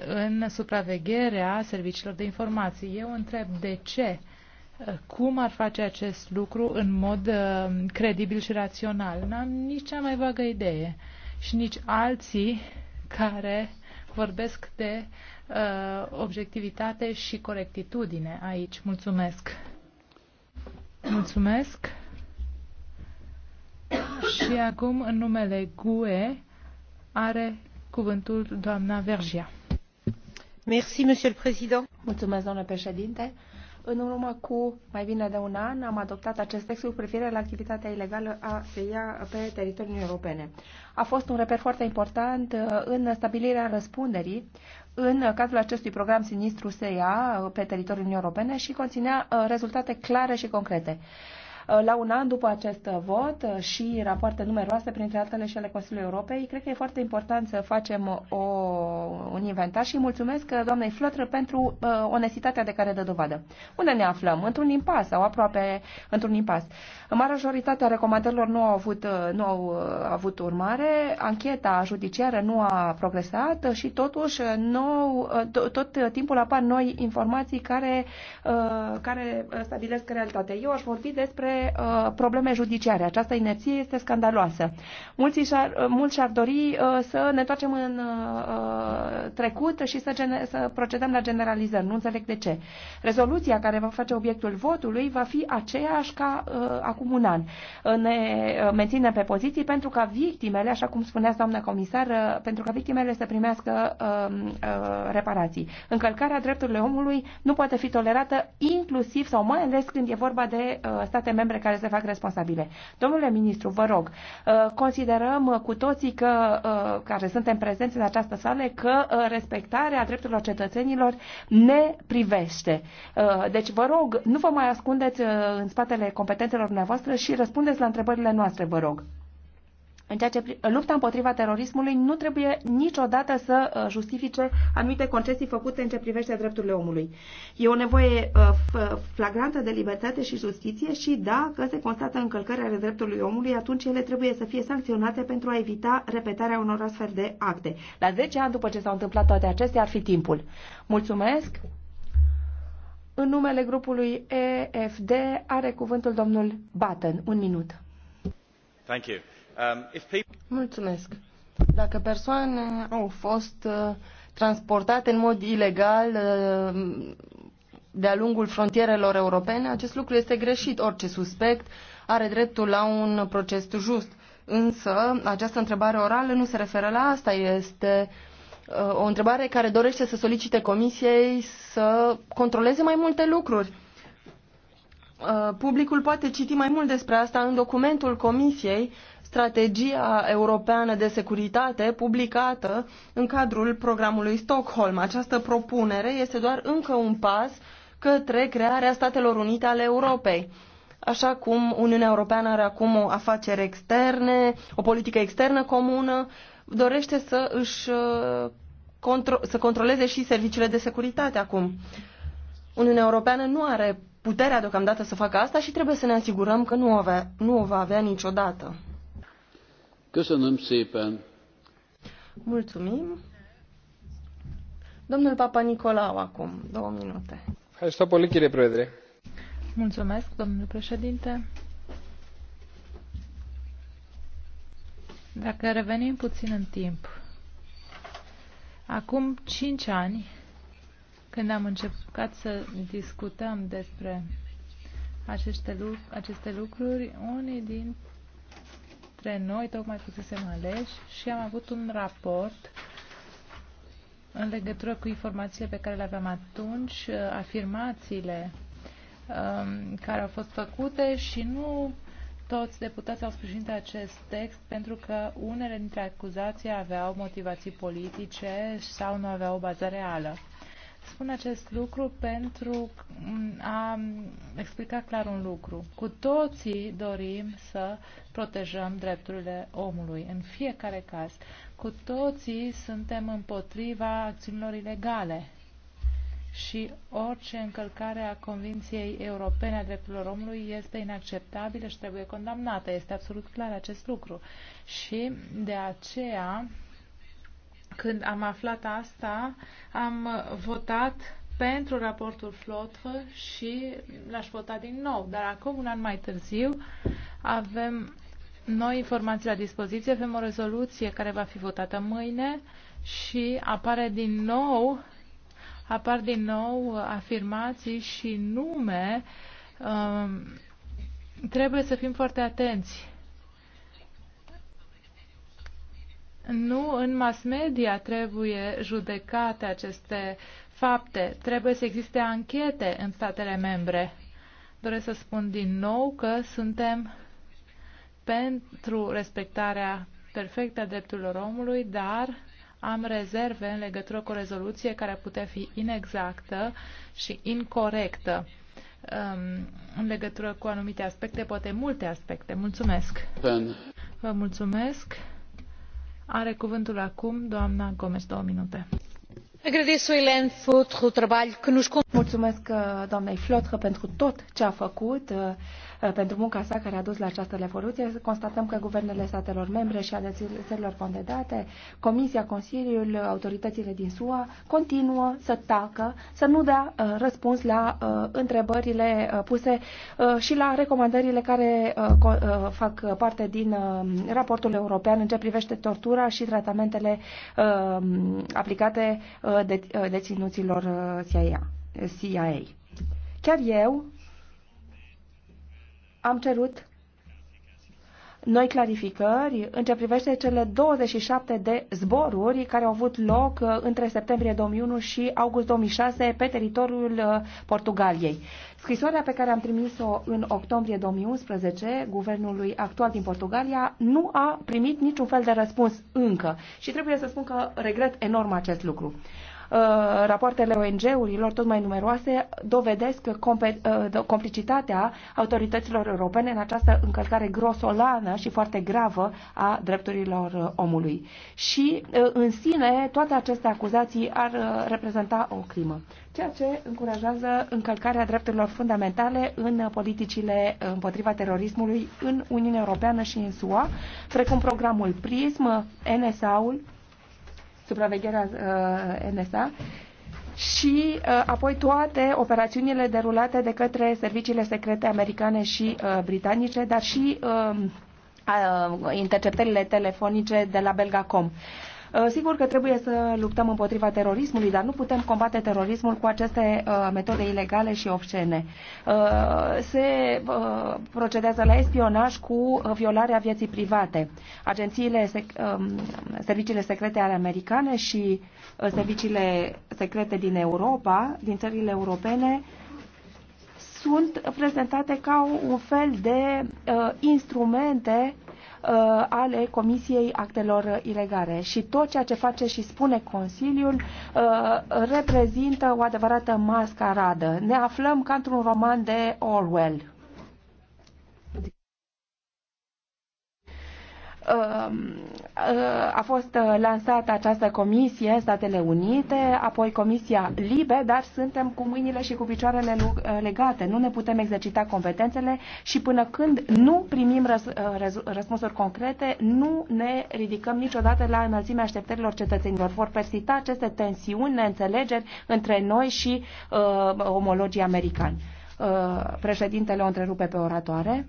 în supravegherea serviciilor de informații. Eu întreb de ce, uh, cum ar face acest lucru în mod uh, credibil și rațional. N-am nici cea mai vagă idee și nici alții care uh, vorbesc de uh, obiectivitate și corectitudine aici. Mulțumesc! Mulțumesc! Și acum, în numele GUE, are cuvântul doamna Vergia. Merci, Monsieur le Président. Mulțumesc, doamnă președinte. În urmă cu mai bine de un an am adoptat acest text cu privire la activitatea ilegală a SEIA pe teritoriul Europene. A fost un reper foarte important uh, în stabilirea răspunderii în cadrul acestui program sinistru SEIA uh, pe teritoriul Uniunii Europene și conținea uh, rezultate clare și concrete. Uh, la un an după acest uh, vot uh, și rapoarte numeroase, printre altele și ale Consiliului Europei. Cred că e foarte important să facem o, un inventar și mulțumesc doamnei Flotră pentru uh, onestitatea de care dă dovadă. Unde ne aflăm? Într-un impas sau aproape într-un impas. Majoritatea recomandărilor nu au avut, nu au avut urmare, ancheta judiciară nu a progresat și totuși nou, tot timpul apar noi informații care, care stabilesc realitatea. Eu aș vorbi despre uh, probleme judiciare. Această inerție este scandaloasă. Mulți și-ar, uh, mulți și-ar dori uh, să ne întoarcem în uh, uh trecut și să, să procedăm la generalizări. Nu înțeleg de ce. Rezoluția care va face obiectul votului va fi aceeași ca uh, acum un an. Ne uh, menținem pe poziții pentru ca victimele, așa cum spunea doamna comisar, uh, pentru ca victimele să primească uh, uh, reparații. Încălcarea drepturilor omului nu poate fi tolerată inclusiv sau mai ales când e vorba de uh, state membre membre care se fac responsabile. Domnule ministru, vă rog, uh, considerăm cu toții că, uh, care suntem prezenți în această sală că uh, respectarea drepturilor cetățenilor ne privește. Deci vă rog, nu vă mai ascundeți în spatele competențelor dumneavoastră și răspundeți la întrebările noastre, vă rog. În ceea ce lupta împotriva terorismului nu trebuie niciodată să uh, justifice anumite concesii făcute în ce privește drepturile omului. E o nevoie uh, flagrantă de libertate și justiție și dacă se constată încălcări ale drepturilor omului, atunci ele trebuie să fie sancționate pentru a evita repetarea unor astfel de acte. La 10 ani după ce s-au întâmplat toate acestea ar fi timpul. Mulțumesc! În numele grupului EFD are cuvântul domnul Batten. Un minut. Thank you. Um, Mulțumesc. Dacă persoane au fost uh, transportate în mod ilegal uh, de-a lungul frontierelor europene, acest lucru este greșit. Orice suspect are dreptul la un proces just. Însă, această întrebare orală nu se referă la asta. Este uh, o întrebare care dorește să solicite comisiei să controleze mai multe lucruri. Publicul poate citi mai mult despre asta în documentul comisiei strategia europeană de securitate publicată în cadrul programului Stockholm. Această propunere este doar încă un pas către crearea Statelor Unite ale Europei. Așa cum Uniunea Europeană are acum o afacere externe, o politică externă comună, dorește să își uh, contro- să controleze și serviciile de securitate acum. Uniunea Europeană nu are puterea deocamdată să facă asta și trebuie să ne asigurăm că nu o, avea, nu o va avea niciodată. Köszönöm szépen. Mulțumim. Domnul Papa Nicolau acum, două minute. Mulțumesc, domnule președinte. Dacă revenim puțin în timp, acum cinci ani, când am început să discutăm despre aceste lucruri, unii din dintre noi tocmai fusesem aleși și am avut un raport în legătură cu informațiile pe care le aveam atunci, afirmațiile um, care au fost făcute și nu toți deputații au sprijinit acest text pentru că unele dintre acuzații aveau motivații politice sau nu aveau o bază reală. Spun acest lucru pentru a explica clar un lucru. Cu toții dorim să protejăm drepturile omului, în fiecare caz. Cu toții suntem împotriva acțiunilor ilegale și orice încălcare a Convenției Europene a Drepturilor Omului este inacceptabilă și trebuie condamnată. Este absolut clar acest lucru. Și de aceea când am aflat asta, am votat pentru raportul Flotvă și l-aș vota din nou. Dar acum, un an mai târziu, avem noi informații la dispoziție, avem o rezoluție care va fi votată mâine și apare din nou, apar din nou afirmații și nume. Um, trebuie să fim foarte atenți Nu în mass media trebuie judecate aceste fapte. Trebuie să existe anchete în statele membre. Doresc să spun din nou că suntem pentru respectarea perfectă a drepturilor omului, dar am rezerve în legătură cu o rezoluție care ar putea fi inexactă și incorrectă um, în legătură cu anumite aspecte, poate multe aspecte. Mulțumesc! Vă mulțumesc! Are cuvântul acum doamna Gomes, două minute. Mulțumesc uh, doamnei Flotră pentru tot ce a făcut. Uh, Uh, pentru munca sa care a dus la această revoluție. Constatăm că guvernele statelor membre și ale țărilor condedate, Comisia, Consiliul, autoritățile din SUA continuă să tacă, să nu dea uh, răspuns la uh, întrebările puse și la recomandările care fac parte din raportul european în ce privește tortura și tratamentele aplicate deținuților CIA. CIA. Chiar eu am cerut noi clarificări în ce privește cele 27 de zboruri care au avut loc uh, între septembrie 2001 și august 2006 pe teritoriul uh, Portugaliei. Scrisoarea pe care am trimis-o în octombrie 2011 guvernului actual din Portugalia nu a primit niciun fel de răspuns încă și trebuie să spun că regret enorm acest lucru. Uh, rapoartele ONG-urilor tot mai numeroase dovedesc uh, complicitatea autorităților europene în această încălcare grosolană și foarte gravă a drepturilor omului. Și uh, în sine toate aceste acuzații ar reprezenta o crimă, ceea ce încurajează încălcarea drepturilor fundamentale în politicile împotriva terorismului în Uniunea Europeană și în SUA, precum programul PRISM, NSA-ul, supravegherea uh, NSA și uh, apoi toate operațiunile derulate de către serviciile secrete americane și uh, britanice, dar și um, interceptările telefonice de la Belgacom. Uh, sigur că trebuie să luptăm împotriva terorismului, dar nu putem combate terorismul cu aceste uh, metode ilegale și obscene. Uh, se procedează la espionaj cu violarea vieții private. Agențiile, um, serviciile secrete ale americane și serviciile secrete din Europa, din țările europene, sunt prezentate ca un fel de uh, instrumente uh, Uh, ale Comisiei Actelor Ilegale. Și tot ceea ce face și spune Consiliul uh, reprezintă o adevărată mascaradă. Ne aflăm ca într-un roman de Orwell. Um, uh, a fost uh, lansată această comisie Statele Unite, apoi Comisia Libe, dar suntem cu mâinile și cu picioarele uh, legate. Nu ne putem exercita competențele și până când nu primim răs, răs, răspunsuri concrete, nu ne ridicăm niciodată la înălțimea așteptărilor cetățenilor. Vor persista aceste tensiuni, neînțelegeri între noi și uh, omologii americani. Uh, președintele o întrerupe pe oratoare.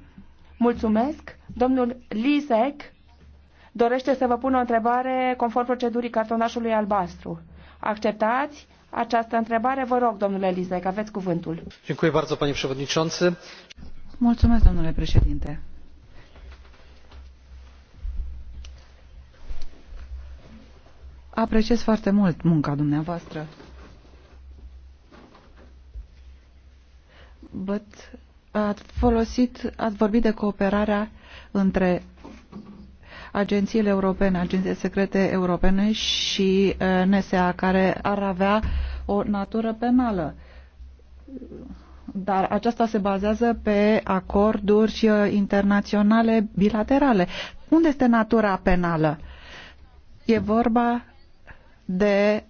Mulțumesc. Domnul Lisek dorește să vă pună o întrebare conform procedurii cartonașului albastru. Acceptați această întrebare? Vă rog, domnule Lizec, aveți cuvântul. Mulțumesc, domnule președinte. Apreciez foarte mult munca dumneavoastră. But ați folosit, ați vorbit de cooperarea între agențiile europene, agențiile secrete europene și uh, NSA, care ar avea o natură penală. Dar aceasta se bazează pe acorduri uh, internaționale bilaterale. Unde este natura penală? E vorba de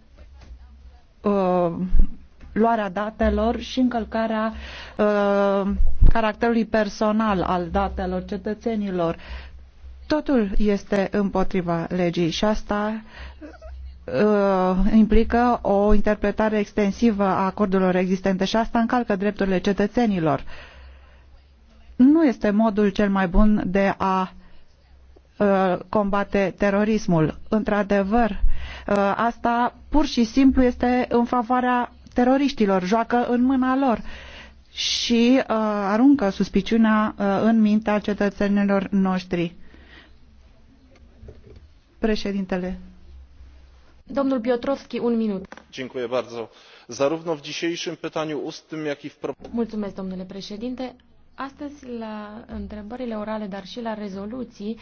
uh, luarea datelor și încălcarea uh, caracterului personal al datelor cetățenilor. Totul este împotriva legii și asta uh, implică o interpretare extensivă a acordurilor existente și asta încalcă drepturile cetățenilor. Nu este modul cel mai bun de a uh, combate terorismul. Într-adevăr, uh, asta pur și simplu este în favoarea teroriștilor, joacă în mâna lor și aruncă suspiciunea în mintea cetățenilor noștri Președintele. Domnul Piotrowski, un minut. Dziękuję bardzo. Zarówno w dzisiejszym pytaniu ustnym, jak i w... Mulțumesc, domnule președinte. Astăzi, la întrebările orale, dar și la rezoluții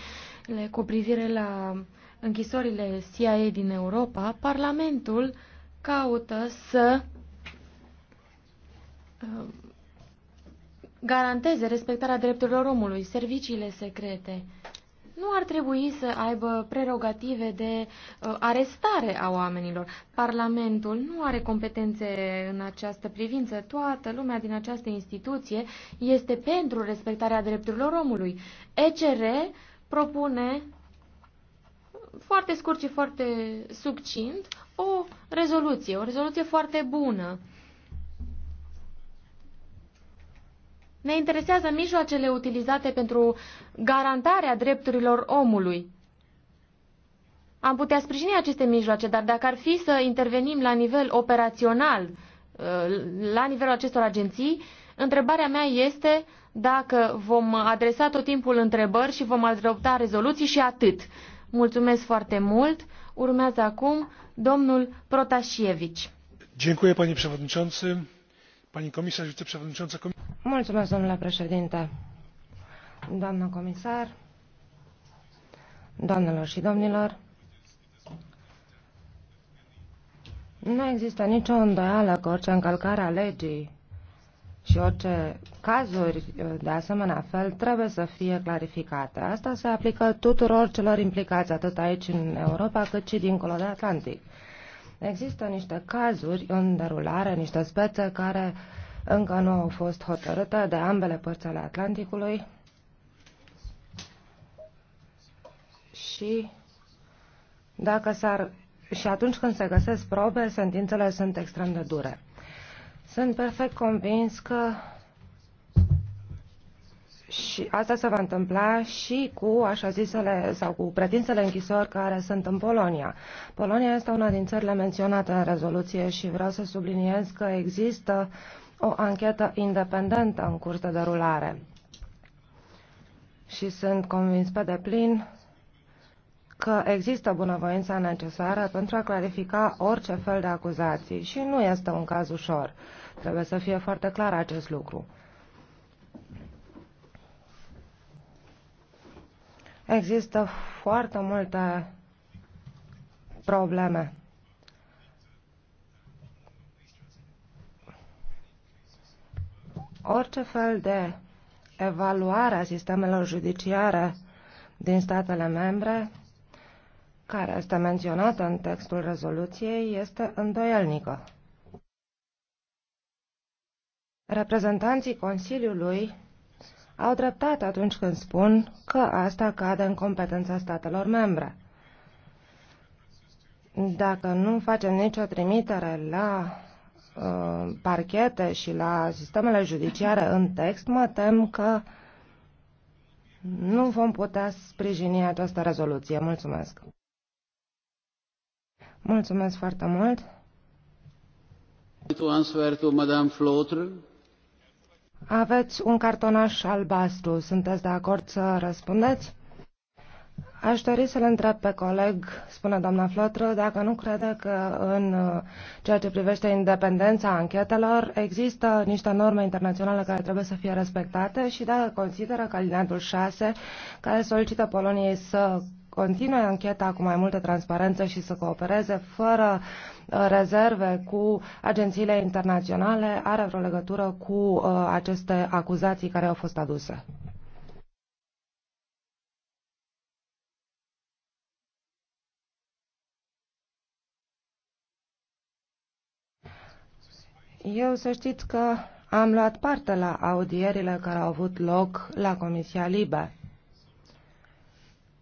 cu privire la închisorile CIA din Europa, Parlamentul caută să uh, garanteze respectarea drepturilor omului, serviciile secrete nu ar trebui să aibă prerogative de uh, arestare a oamenilor. Parlamentul nu are competențe în această privință. Toată lumea din această instituție este pentru respectarea drepturilor omului. ECR propune foarte scurt și foarte succint o rezoluție, o rezoluție foarte bună Ne interesează mijloacele utilizate pentru garantarea drepturilor omului. Am putea sprijini aceste mijloace, dar dacă ar fi să intervenim la nivel operațional, uh, la nivelul acestor agenții, întrebarea mea este dacă vom adresa tot timpul întrebări și vom adopta rezoluții și atât. Mulțumesc foarte mult. Urmează acum domnul Protasievici. Dziękuję panie przewodniczący, pani komisarz, wiceprzewodnicząca komisji. Mulțumesc, domnule președinte. Doamnă comisar, doamnelor și domnilor, nu există nicio îndoială că orice încălcare a legii și orice cazuri uh, de asemenea fel trebuie să fie clarificate. Asta se aplică tuturor celor implicați, atât aici în Europa, cât și dincolo de Atlantic. Există niște cazuri în derulare, niște spețe care uh, încă nu au fost hotărâte de ambele părți ale Atlanticului și dacă s-ar și atunci când se găsesc probe, sentințele sunt extrem de dure. Sunt perfect convins că și asta se va întâmpla și cu așa zisele sau cu pretințele închisori care sunt în Polonia. Polonia este una din țările menționate în rezoluție și vreau să subliniez că există uh, o anchetă independentă în curs de derulare. Și sunt convins pe deplin că există bunăvoința necesară pentru a clarifica orice fel de acuzații și nu este un caz ușor. Trebuie să fie foarte clar acest lucru. Există foarte multe probleme Orice fel de evaluare a sistemelor judiciare din statele membre, care este menționată în textul rezoluției, este îndoielnică. Reprezentanții Consiliului au dreptate atunci când spun că asta cade în competența statelor membre. Dacă nu facem nicio trimitere la Uh, parchete și la sistemele judiciare în text, mă tem că nu vom putea sprijini această rezoluție. Mulțumesc! Mulțumesc foarte mult! Aveți un cartonaș albastru. Sunteți de acord să răspundeți? Aș dori să-l întreb pe coleg, spune doamna Flotru, dacă nu crede că în uh, ceea ce privește independența anchetelor există niște norme internaționale care trebuie să fie respectate și dacă consideră că alineatul 6, care solicită Poloniei să continue ancheta cu mai multă transparență și să coopereze fără uh, rezerve cu agențiile internaționale, are vreo legătură cu uh, aceste acuzații care au fost aduse. Eu să știți că am luat parte la audierile care au avut loc la Comisia Libe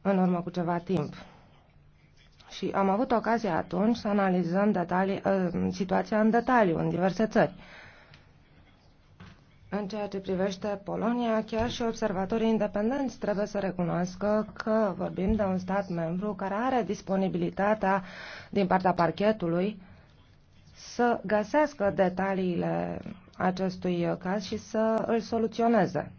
în urmă cu ceva timp. Și am avut ocazia atunci să analizăm detalii, ă, situația în detaliu în diverse țări. În ceea ce privește Polonia, chiar și observatorii independenți trebuie să recunoască că vorbim de un stat membru care are disponibilitatea din partea parchetului să găsească detaliile acestui caz și să îl soluționeze.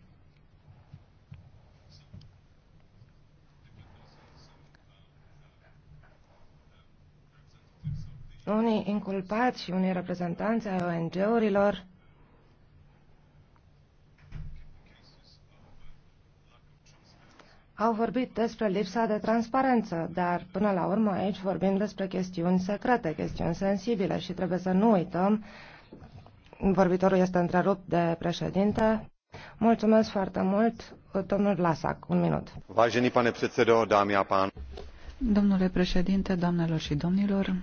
Unii inculpați și unii reprezentanți ai ONG-urilor au vorbit despre lipsa de transparență, dar până la urmă aici vorbim despre chestiuni secrete, chestiuni sensibile și trebuie să nu uităm. Vorbitorul este întrerupt de președinte. Mulțumesc foarte mult, domnul Lasac. Un minut. Vážený pane předsedo, dámy a Domnule președinte, doamnelor și domnilor,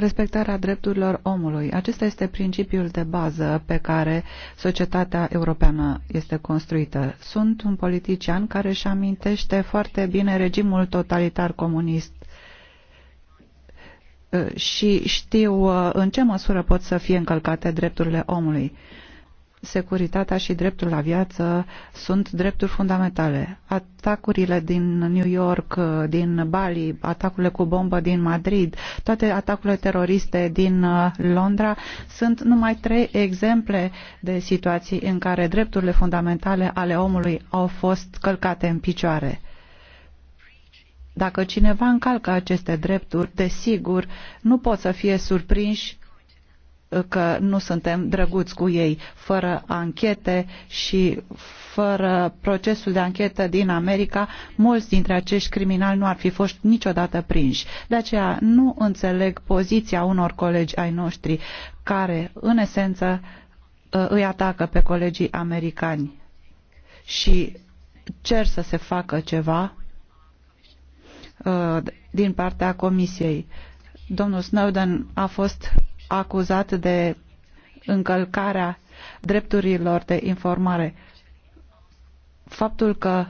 respectarea drepturilor omului. Acesta este principiul de bază pe care societatea europeană este construită. Sunt un politician care își amintește foarte bine regimul totalitar comunist uh, și știu uh, în ce măsură pot să fie încălcate drepturile omului securitatea și dreptul la viață sunt drepturi fundamentale. Atacurile din New York, din Bali, atacurile cu bombă din Madrid, toate atacurile teroriste din uh, Londra sunt numai trei exemple de situații în care drepturile fundamentale ale omului au fost călcate în picioare. Dacă cineva încalcă aceste drepturi, desigur, nu pot să fie surprinși că nu suntem drăguți cu ei, fără anchete și fără procesul de anchetă din America, mulți dintre acești criminali nu ar fi fost niciodată prinși. De aceea nu înțeleg poziția unor colegi ai noștri care, în esență, ă, îi atacă pe colegii americani și cer să se facă ceva ă, din partea Comisiei. Domnul Snowden a fost acuzat de încălcarea drepturilor de informare. Faptul că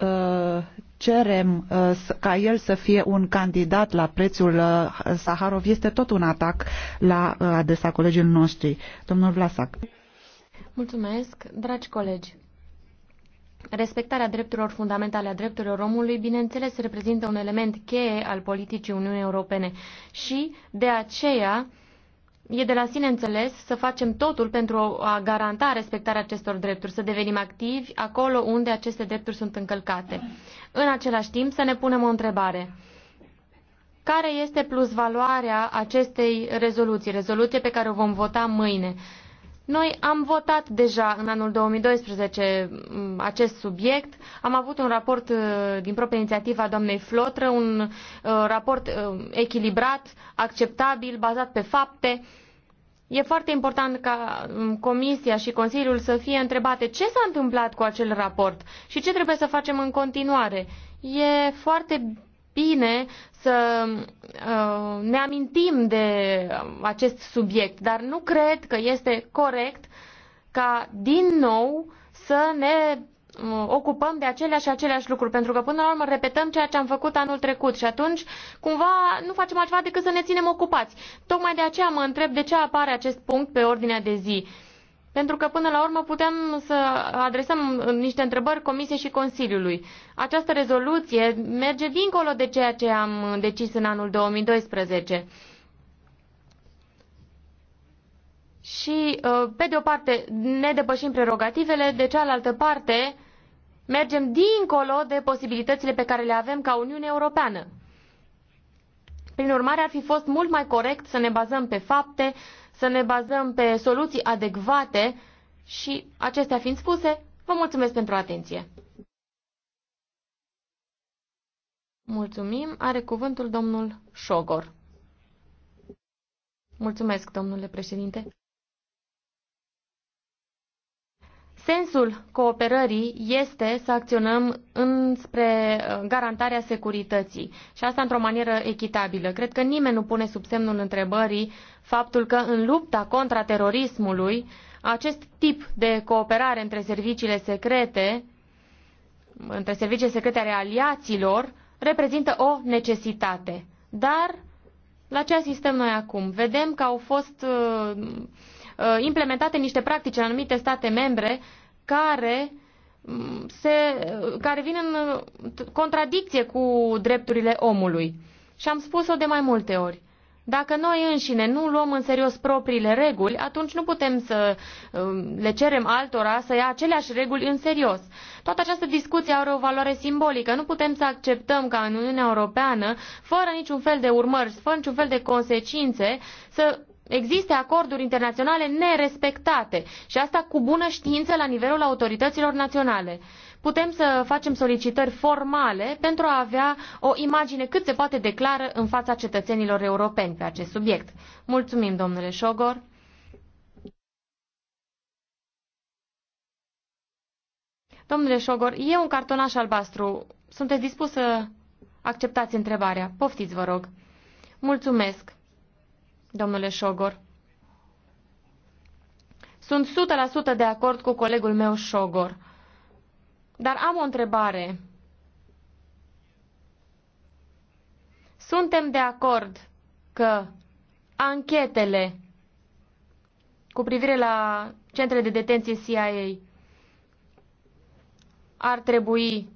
uh, cerem uh, ca el să fie un candidat la prețul uh, Saharov este tot un atac la adresa colegilor noștri. Domnul Vlasac. Mulțumesc, dragi colegi. Respectarea drepturilor fundamentale a drepturilor omului, bineînțeles, reprezintă un element cheie al politicii Uniunii Europene și, de aceea, e de la sine înțeles să facem totul pentru a garanta respectarea acestor drepturi, să devenim activi acolo unde aceste drepturi sunt încălcate. În același timp, să ne punem o întrebare. Care este plusvaloarea acestei rezoluții, rezoluție pe care o vom vota mâine? Noi am votat deja în anul 2012 mm, acest subiect. Am avut un raport uh, din proprie inițiativă a doamnei Flotră, un uh, raport uh, echilibrat, acceptabil, bazat pe fapte. E foarte important ca mm, Comisia și Consiliul să fie întrebate ce s-a întâmplat cu acel raport și ce trebuie să facem în continuare. E foarte bine să uh, ne amintim de acest subiect, dar nu cred că este corect ca din nou să ne uh, ocupăm de aceleași și aceleași lucruri, pentru că până la urmă repetăm ceea ce am făcut anul trecut și atunci cumva nu facem altceva decât să ne ținem ocupați. Tocmai de aceea mă întreb de ce apare acest punct pe ordinea de zi. Uh, pentru că până la urmă putem să adresăm niște întrebări Comisiei și Consiliului. Această rezoluție merge dincolo de ceea ce am decis în anul 2012. Și, uh, pe de o parte, ne depășim prerogativele, de cealaltă parte, mergem dincolo de posibilitățile pe care le avem ca Uniune Europeană. Prin urmare, ar fi fost mult mai corect să ne bazăm pe fapte, să ne bazăm pe soluții adecvate și, acestea fiind spuse, vă mulțumesc pentru atenție. Mulțumim. Are cuvântul domnul Șogor. Mulțumesc, domnule președinte. Sensul cooperării este să acționăm înspre uh, garantarea securității și asta într-o manieră echitabilă. Cred că nimeni nu pune sub semnul întrebării faptul că în lupta contra terorismului acest tip de cooperare între serviciile secrete, între serviciile secrete ale aliaților, reprezintă o necesitate. Dar la ce asistăm noi acum? Vedem că au fost uh, Uh, implementate niște practici în anumite state membre care mm, se, care vin în contradicție cu drepturile omului. Și am spus-o de mai multe ori. Dacă noi înșine nu luăm în serios propriile reguli, atunci nu putem să um, le cerem altora să ia aceleași reguli în serios. Toată această discuție are o valoare simbolică. Nu putem să acceptăm ca în Uniunea Europeană, fără niciun fel de urmări, fără niciun fel de consecințe, să existe acorduri internaționale nerespectate și asta cu bună știință la nivelul autorităților naționale. Putem să facem solicitări formale pentru a avea o imagine cât se poate declară în fața cetățenilor europeni pe acest subiect. Mulțumim, domnule Șogor. Domnule Șogor, e un cartonaș albastru. Sunteți dispus să acceptați întrebarea? Poftiți, vă rog. Mulțumesc domnule Șogor. Sunt 100% de acord cu colegul meu Șogor. Dar am o întrebare. Suntem de acord că anchetele cu privire la centrele de detenție CIA ar trebui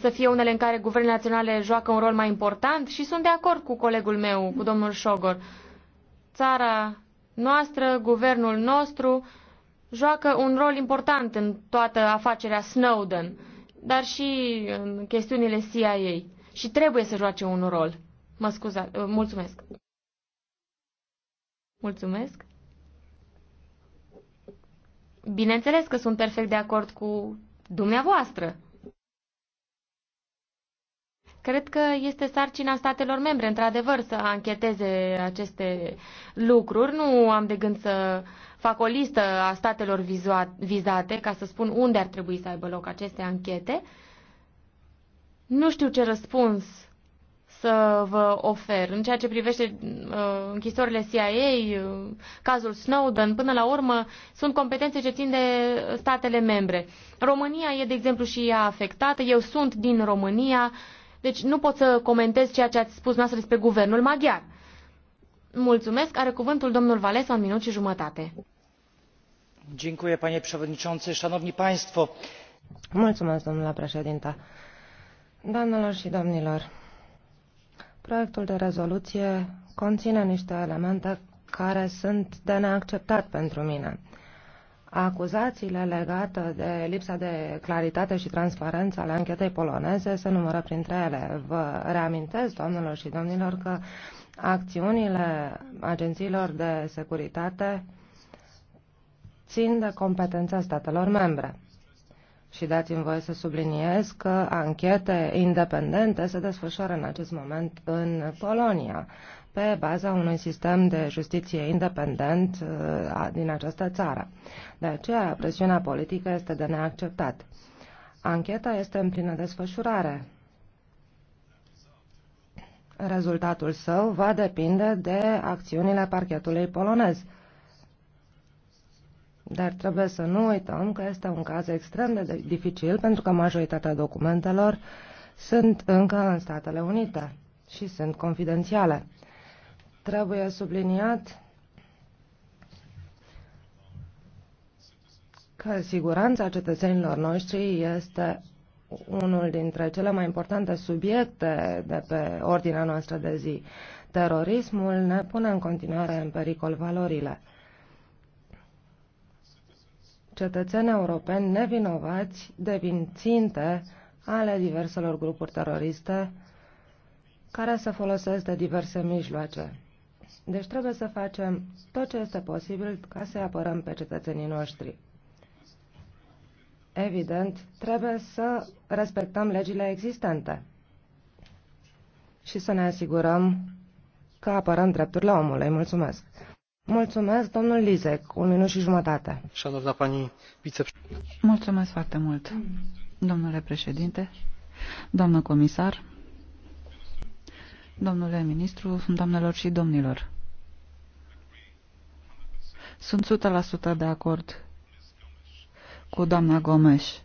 să fie unele în care guvernele naționale joacă un rol mai important și sunt de acord cu colegul meu, cu domnul Șogor țara noastră, guvernul nostru, joacă un rol important în toată afacerea Snowden, dar și în chestiunile CIA. Și trebuie să joace un rol. Mă scuza, uh, mulțumesc. Mulțumesc. Bineînțeles că sunt perfect de acord cu dumneavoastră. Cred că este sarcina statelor membre, într-adevăr, să ancheteze aceste lucruri. Nu am de gând să fac o listă a statelor vizate ca să spun unde ar trebui să aibă loc aceste anchete. Nu știu ce răspuns să vă ofer. În ceea ce privește uh, închisorile CIA, uh, cazul Snowden, până la urmă, sunt competențe ce țin de statele membre. România e, de exemplu, și ea afectată. Eu sunt din România. Uh, deci nu pot să comentez ceea ce ați spus noastră despre guvernul maghiar. Mulțumesc. Are cuvântul domnul Valesa un minut și jumătate. Dziękuję, panie przewodniczący, szanowni państwo. Mulțumesc, domnule președinte. Doamnelor și domnilor, proiectul de rezoluție conține niște elemente care sunt de neacceptat pentru mine. Acuzațiile legate de lipsa de claritate și transparență ale anchetei poloneze se numără printre ele. Vă reamintesc, doamnelor și domnilor, că acțiunile agențiilor de securitate țin de competența statelor membre. Și dați-mi voie să subliniez că anchete independente se desfășoară în acest moment în Polonia pe baza unui sistem de justiție independent uh, din această țară. De aceea, presiunea politică este de neacceptat. Ancheta este în plină desfășurare. Rezultatul său va depinde de acțiunile parchetului polonez. Dar trebuie să nu uităm că este un caz extrem de dificil pentru că majoritatea documentelor sunt încă în Statele Unite și sunt confidențiale. Trebuie subliniat că siguranța cetățenilor noștri este unul dintre cele mai importante subiecte de pe ordinea noastră de zi. Terorismul ne pune în continuare în pericol valorile. Cetățeni europeni nevinovați devin ținte ale diverselor grupuri teroriste care se folosesc de diverse mijloace. Deci trebuie să facem tot ce este posibil ca să apărăm pe cetățenii noștri. Evident, trebuie să respectăm legile existente și să ne asigurăm că apărăm drepturile omului. Mulțumesc! Mulțumesc, domnul Lizec, un minut și jumătate. pani Mulțumesc foarte mult, domnule președinte, domnul comisar, Domnule ministru, doamnelor și domnilor, sunt 100% de acord cu doamna Gomes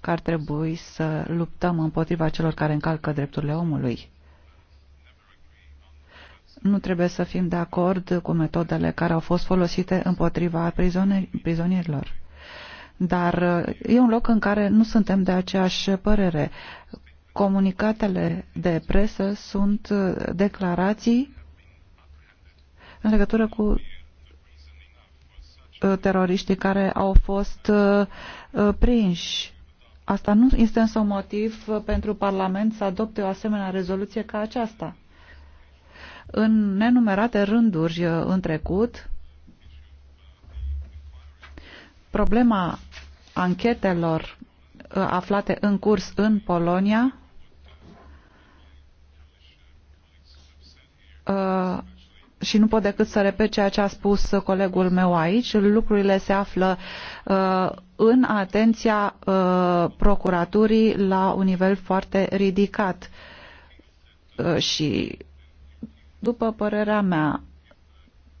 că ar trebui să luptăm împotriva celor care încalcă drepturile omului. Nu trebuie să fim de acord cu metodele care au fost folosite împotriva prizonierilor. Dar uh, e un loc în care nu suntem de aceeași părere comunicatele de presă sunt uh, declarații în legătură cu uh, teroriștii care au fost uh, prinși. Asta nu este însă un motiv pentru Parlament să adopte o asemenea rezoluție ca aceasta. În nenumerate rânduri în trecut, problema anchetelor aflate în curs în Polonia Uh, și nu pot decât să repet ceea ce a spus colegul meu aici, lucrurile se află uh, în atenția uh, procuraturii la un nivel foarte ridicat. Uh, și, după părerea mea,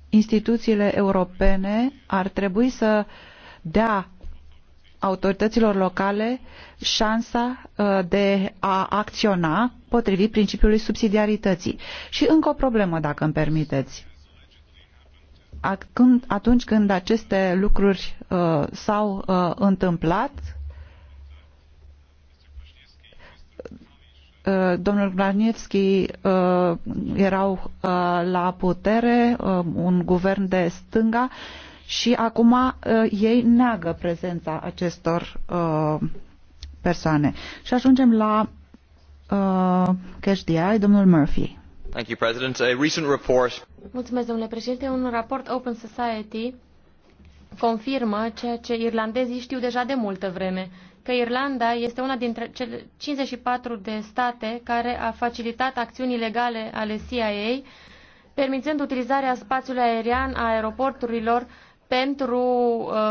instituțiile europene ar trebui să dea autorităților locale șansa uh, de a acționa potrivit principiului subsidiarității. Și încă o problemă, dacă îmi permiteți. Atunci când aceste lucruri uh, s-au uh, întâmplat, domnul Glanievski erau la putere, un guvern de stânga, și acum uh, ei neagă prezența acestor uh, persoane. Și ajungem la uh, cash DI, domnul Murphy. Thank you, President. A recent report... Mulțumesc, domnule președinte. Un raport Open Society confirmă ceea ce irlandezii știu deja de multă vreme, că Irlanda este una dintre cele 54 de state care a facilitat acțiuni ilegale ale CIA, permițând utilizarea spațiului aerian a aeroporturilor pentru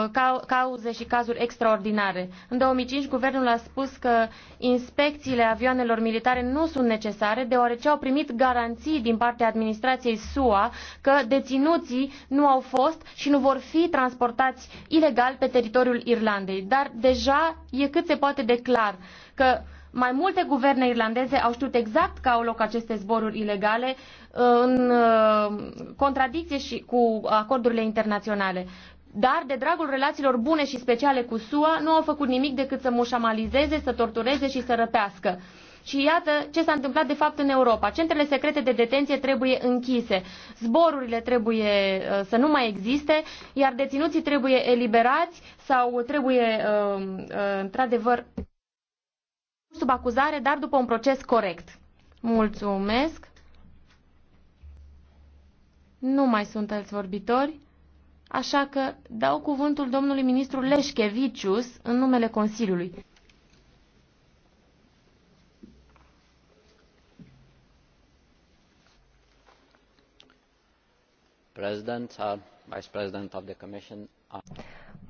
uh, cauze și cazuri extraordinare. În 2005, guvernul a spus că inspecțiile avioanelor militare nu sunt necesare, deoarece au primit garanții din partea administrației SUA că deținuții nu au fost și nu vor fi transportați ilegal pe teritoriul Irlandei. Dar deja e cât se poate de clar că mai multe guverne irlandeze au știut exact că au loc aceste zboruri ilegale uh, în uh, contradicție și cu acordurile internaționale dar de dragul relațiilor bune și speciale cu SUA nu au făcut nimic decât să mușamalizeze, să tortureze și să răpească. Și iată ce s-a întâmplat de fapt în Europa. Centrele secrete de detenție trebuie închise, zborurile trebuie uh, să nu mai existe, iar deținuții trebuie eliberați sau trebuie într-adevăr sub acuzare, dar după un proces corect. Mulțumesc. Nu mai sunt alți vorbitori, așa că dau cuvântul domnului ministru Leșchevicius în numele Consiliului. President, uh, Vice President of the Commission. Uh...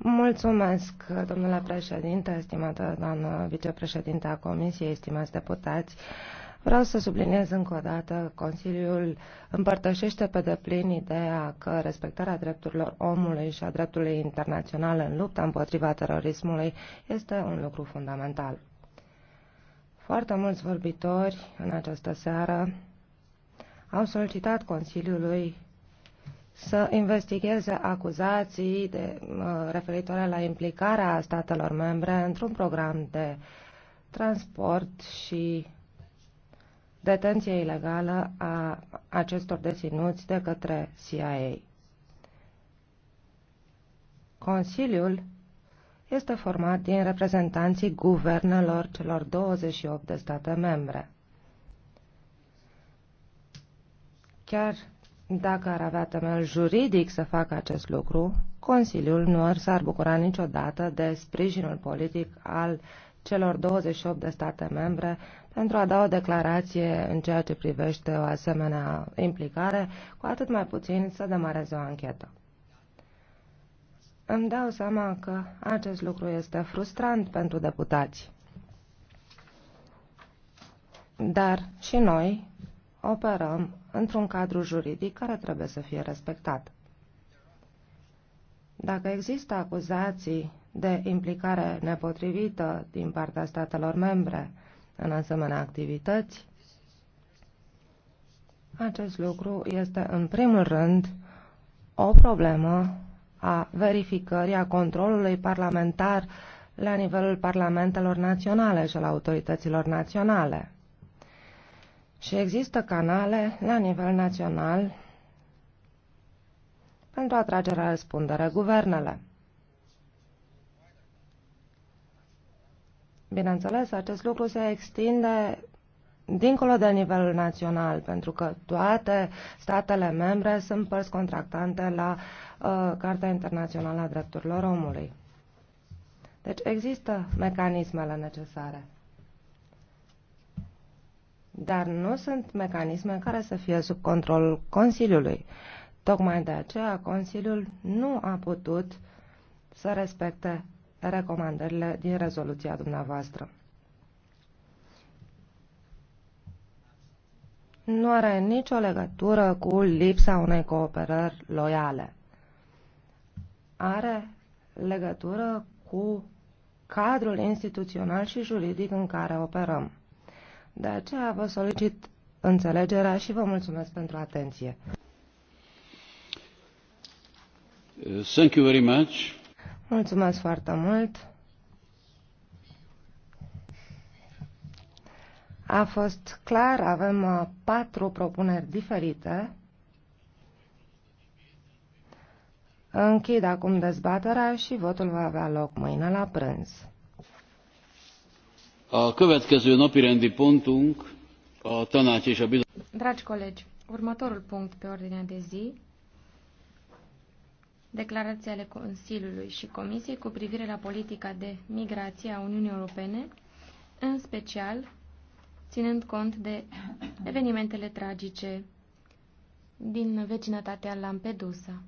Mulțumesc, domnule președinte, estimată doamnă vicepreședinte a Comisiei, estimați deputați. Vreau să subliniez încă o dată, Consiliul împărtășește pe deplin ideea că respectarea drepturilor omului și a dreptului internațional în lupta împotriva terorismului este un lucru fundamental. Foarte mulți vorbitori în această seară au solicitat Consiliului să investigheze acuzații de, uh, referitoare la implicarea statelor membre într-un program de transport și detenție ilegală a acestor deținuți de către CIA. Consiliul este format din reprezentanții guvernelor celor 28 de state membre. Chiar dacă ar avea temel juridic să facă acest lucru, Consiliul nu s-ar bucura niciodată de sprijinul politic al celor 28 de state membre pentru a da o declarație în ceea ce privește o asemenea implicare, cu atât mai puțin să demareze o anchetă. Îmi dau seama că acest lucru este frustrant pentru deputați. Dar și noi operăm într-un cadru juridic care trebuie să fie respectat. Dacă există acuzații de implicare nepotrivită din partea statelor membre în asemenea activități, acest lucru este în primul rând o problemă a verificării, a controlului parlamentar la nivelul parlamentelor naționale și al autorităților naționale. Și există canale la nivel național pentru a răspundere guvernele. Bineînțeles, acest lucru se extinde dincolo de nivelul național, pentru că toate statele membre sunt părți contractante la uh, Carta Internațională a Drepturilor Omului. Deci există mecanismele necesare dar nu sunt mecanisme care să fie sub controlul Consiliului. Tocmai de aceea Consiliul nu a putut să respecte recomandările din rezoluția dumneavoastră. Nu are nicio legătură cu lipsa unei cooperări loiale. Are legătură cu cadrul instituțional și juridic în care operăm. De aceea vă solicit înțelegerea și vă mulțumesc pentru atenție. Uh, thank you very much. Mulțumesc foarte mult. A fost clar, avem uh, patru propuneri diferite. Închid acum dezbaterea și votul va avea loc mâine la prânz. A következő napirendi pontunk a tanács és a bizottság. Dragi colegi, următorul punct pe ordinea de zi declarația ale Consiliului și Comisiei cu privire la politica de migrație a Uniunii Europene, în special ținând cont de evenimentele tragice din vecinătatea Lampedusa.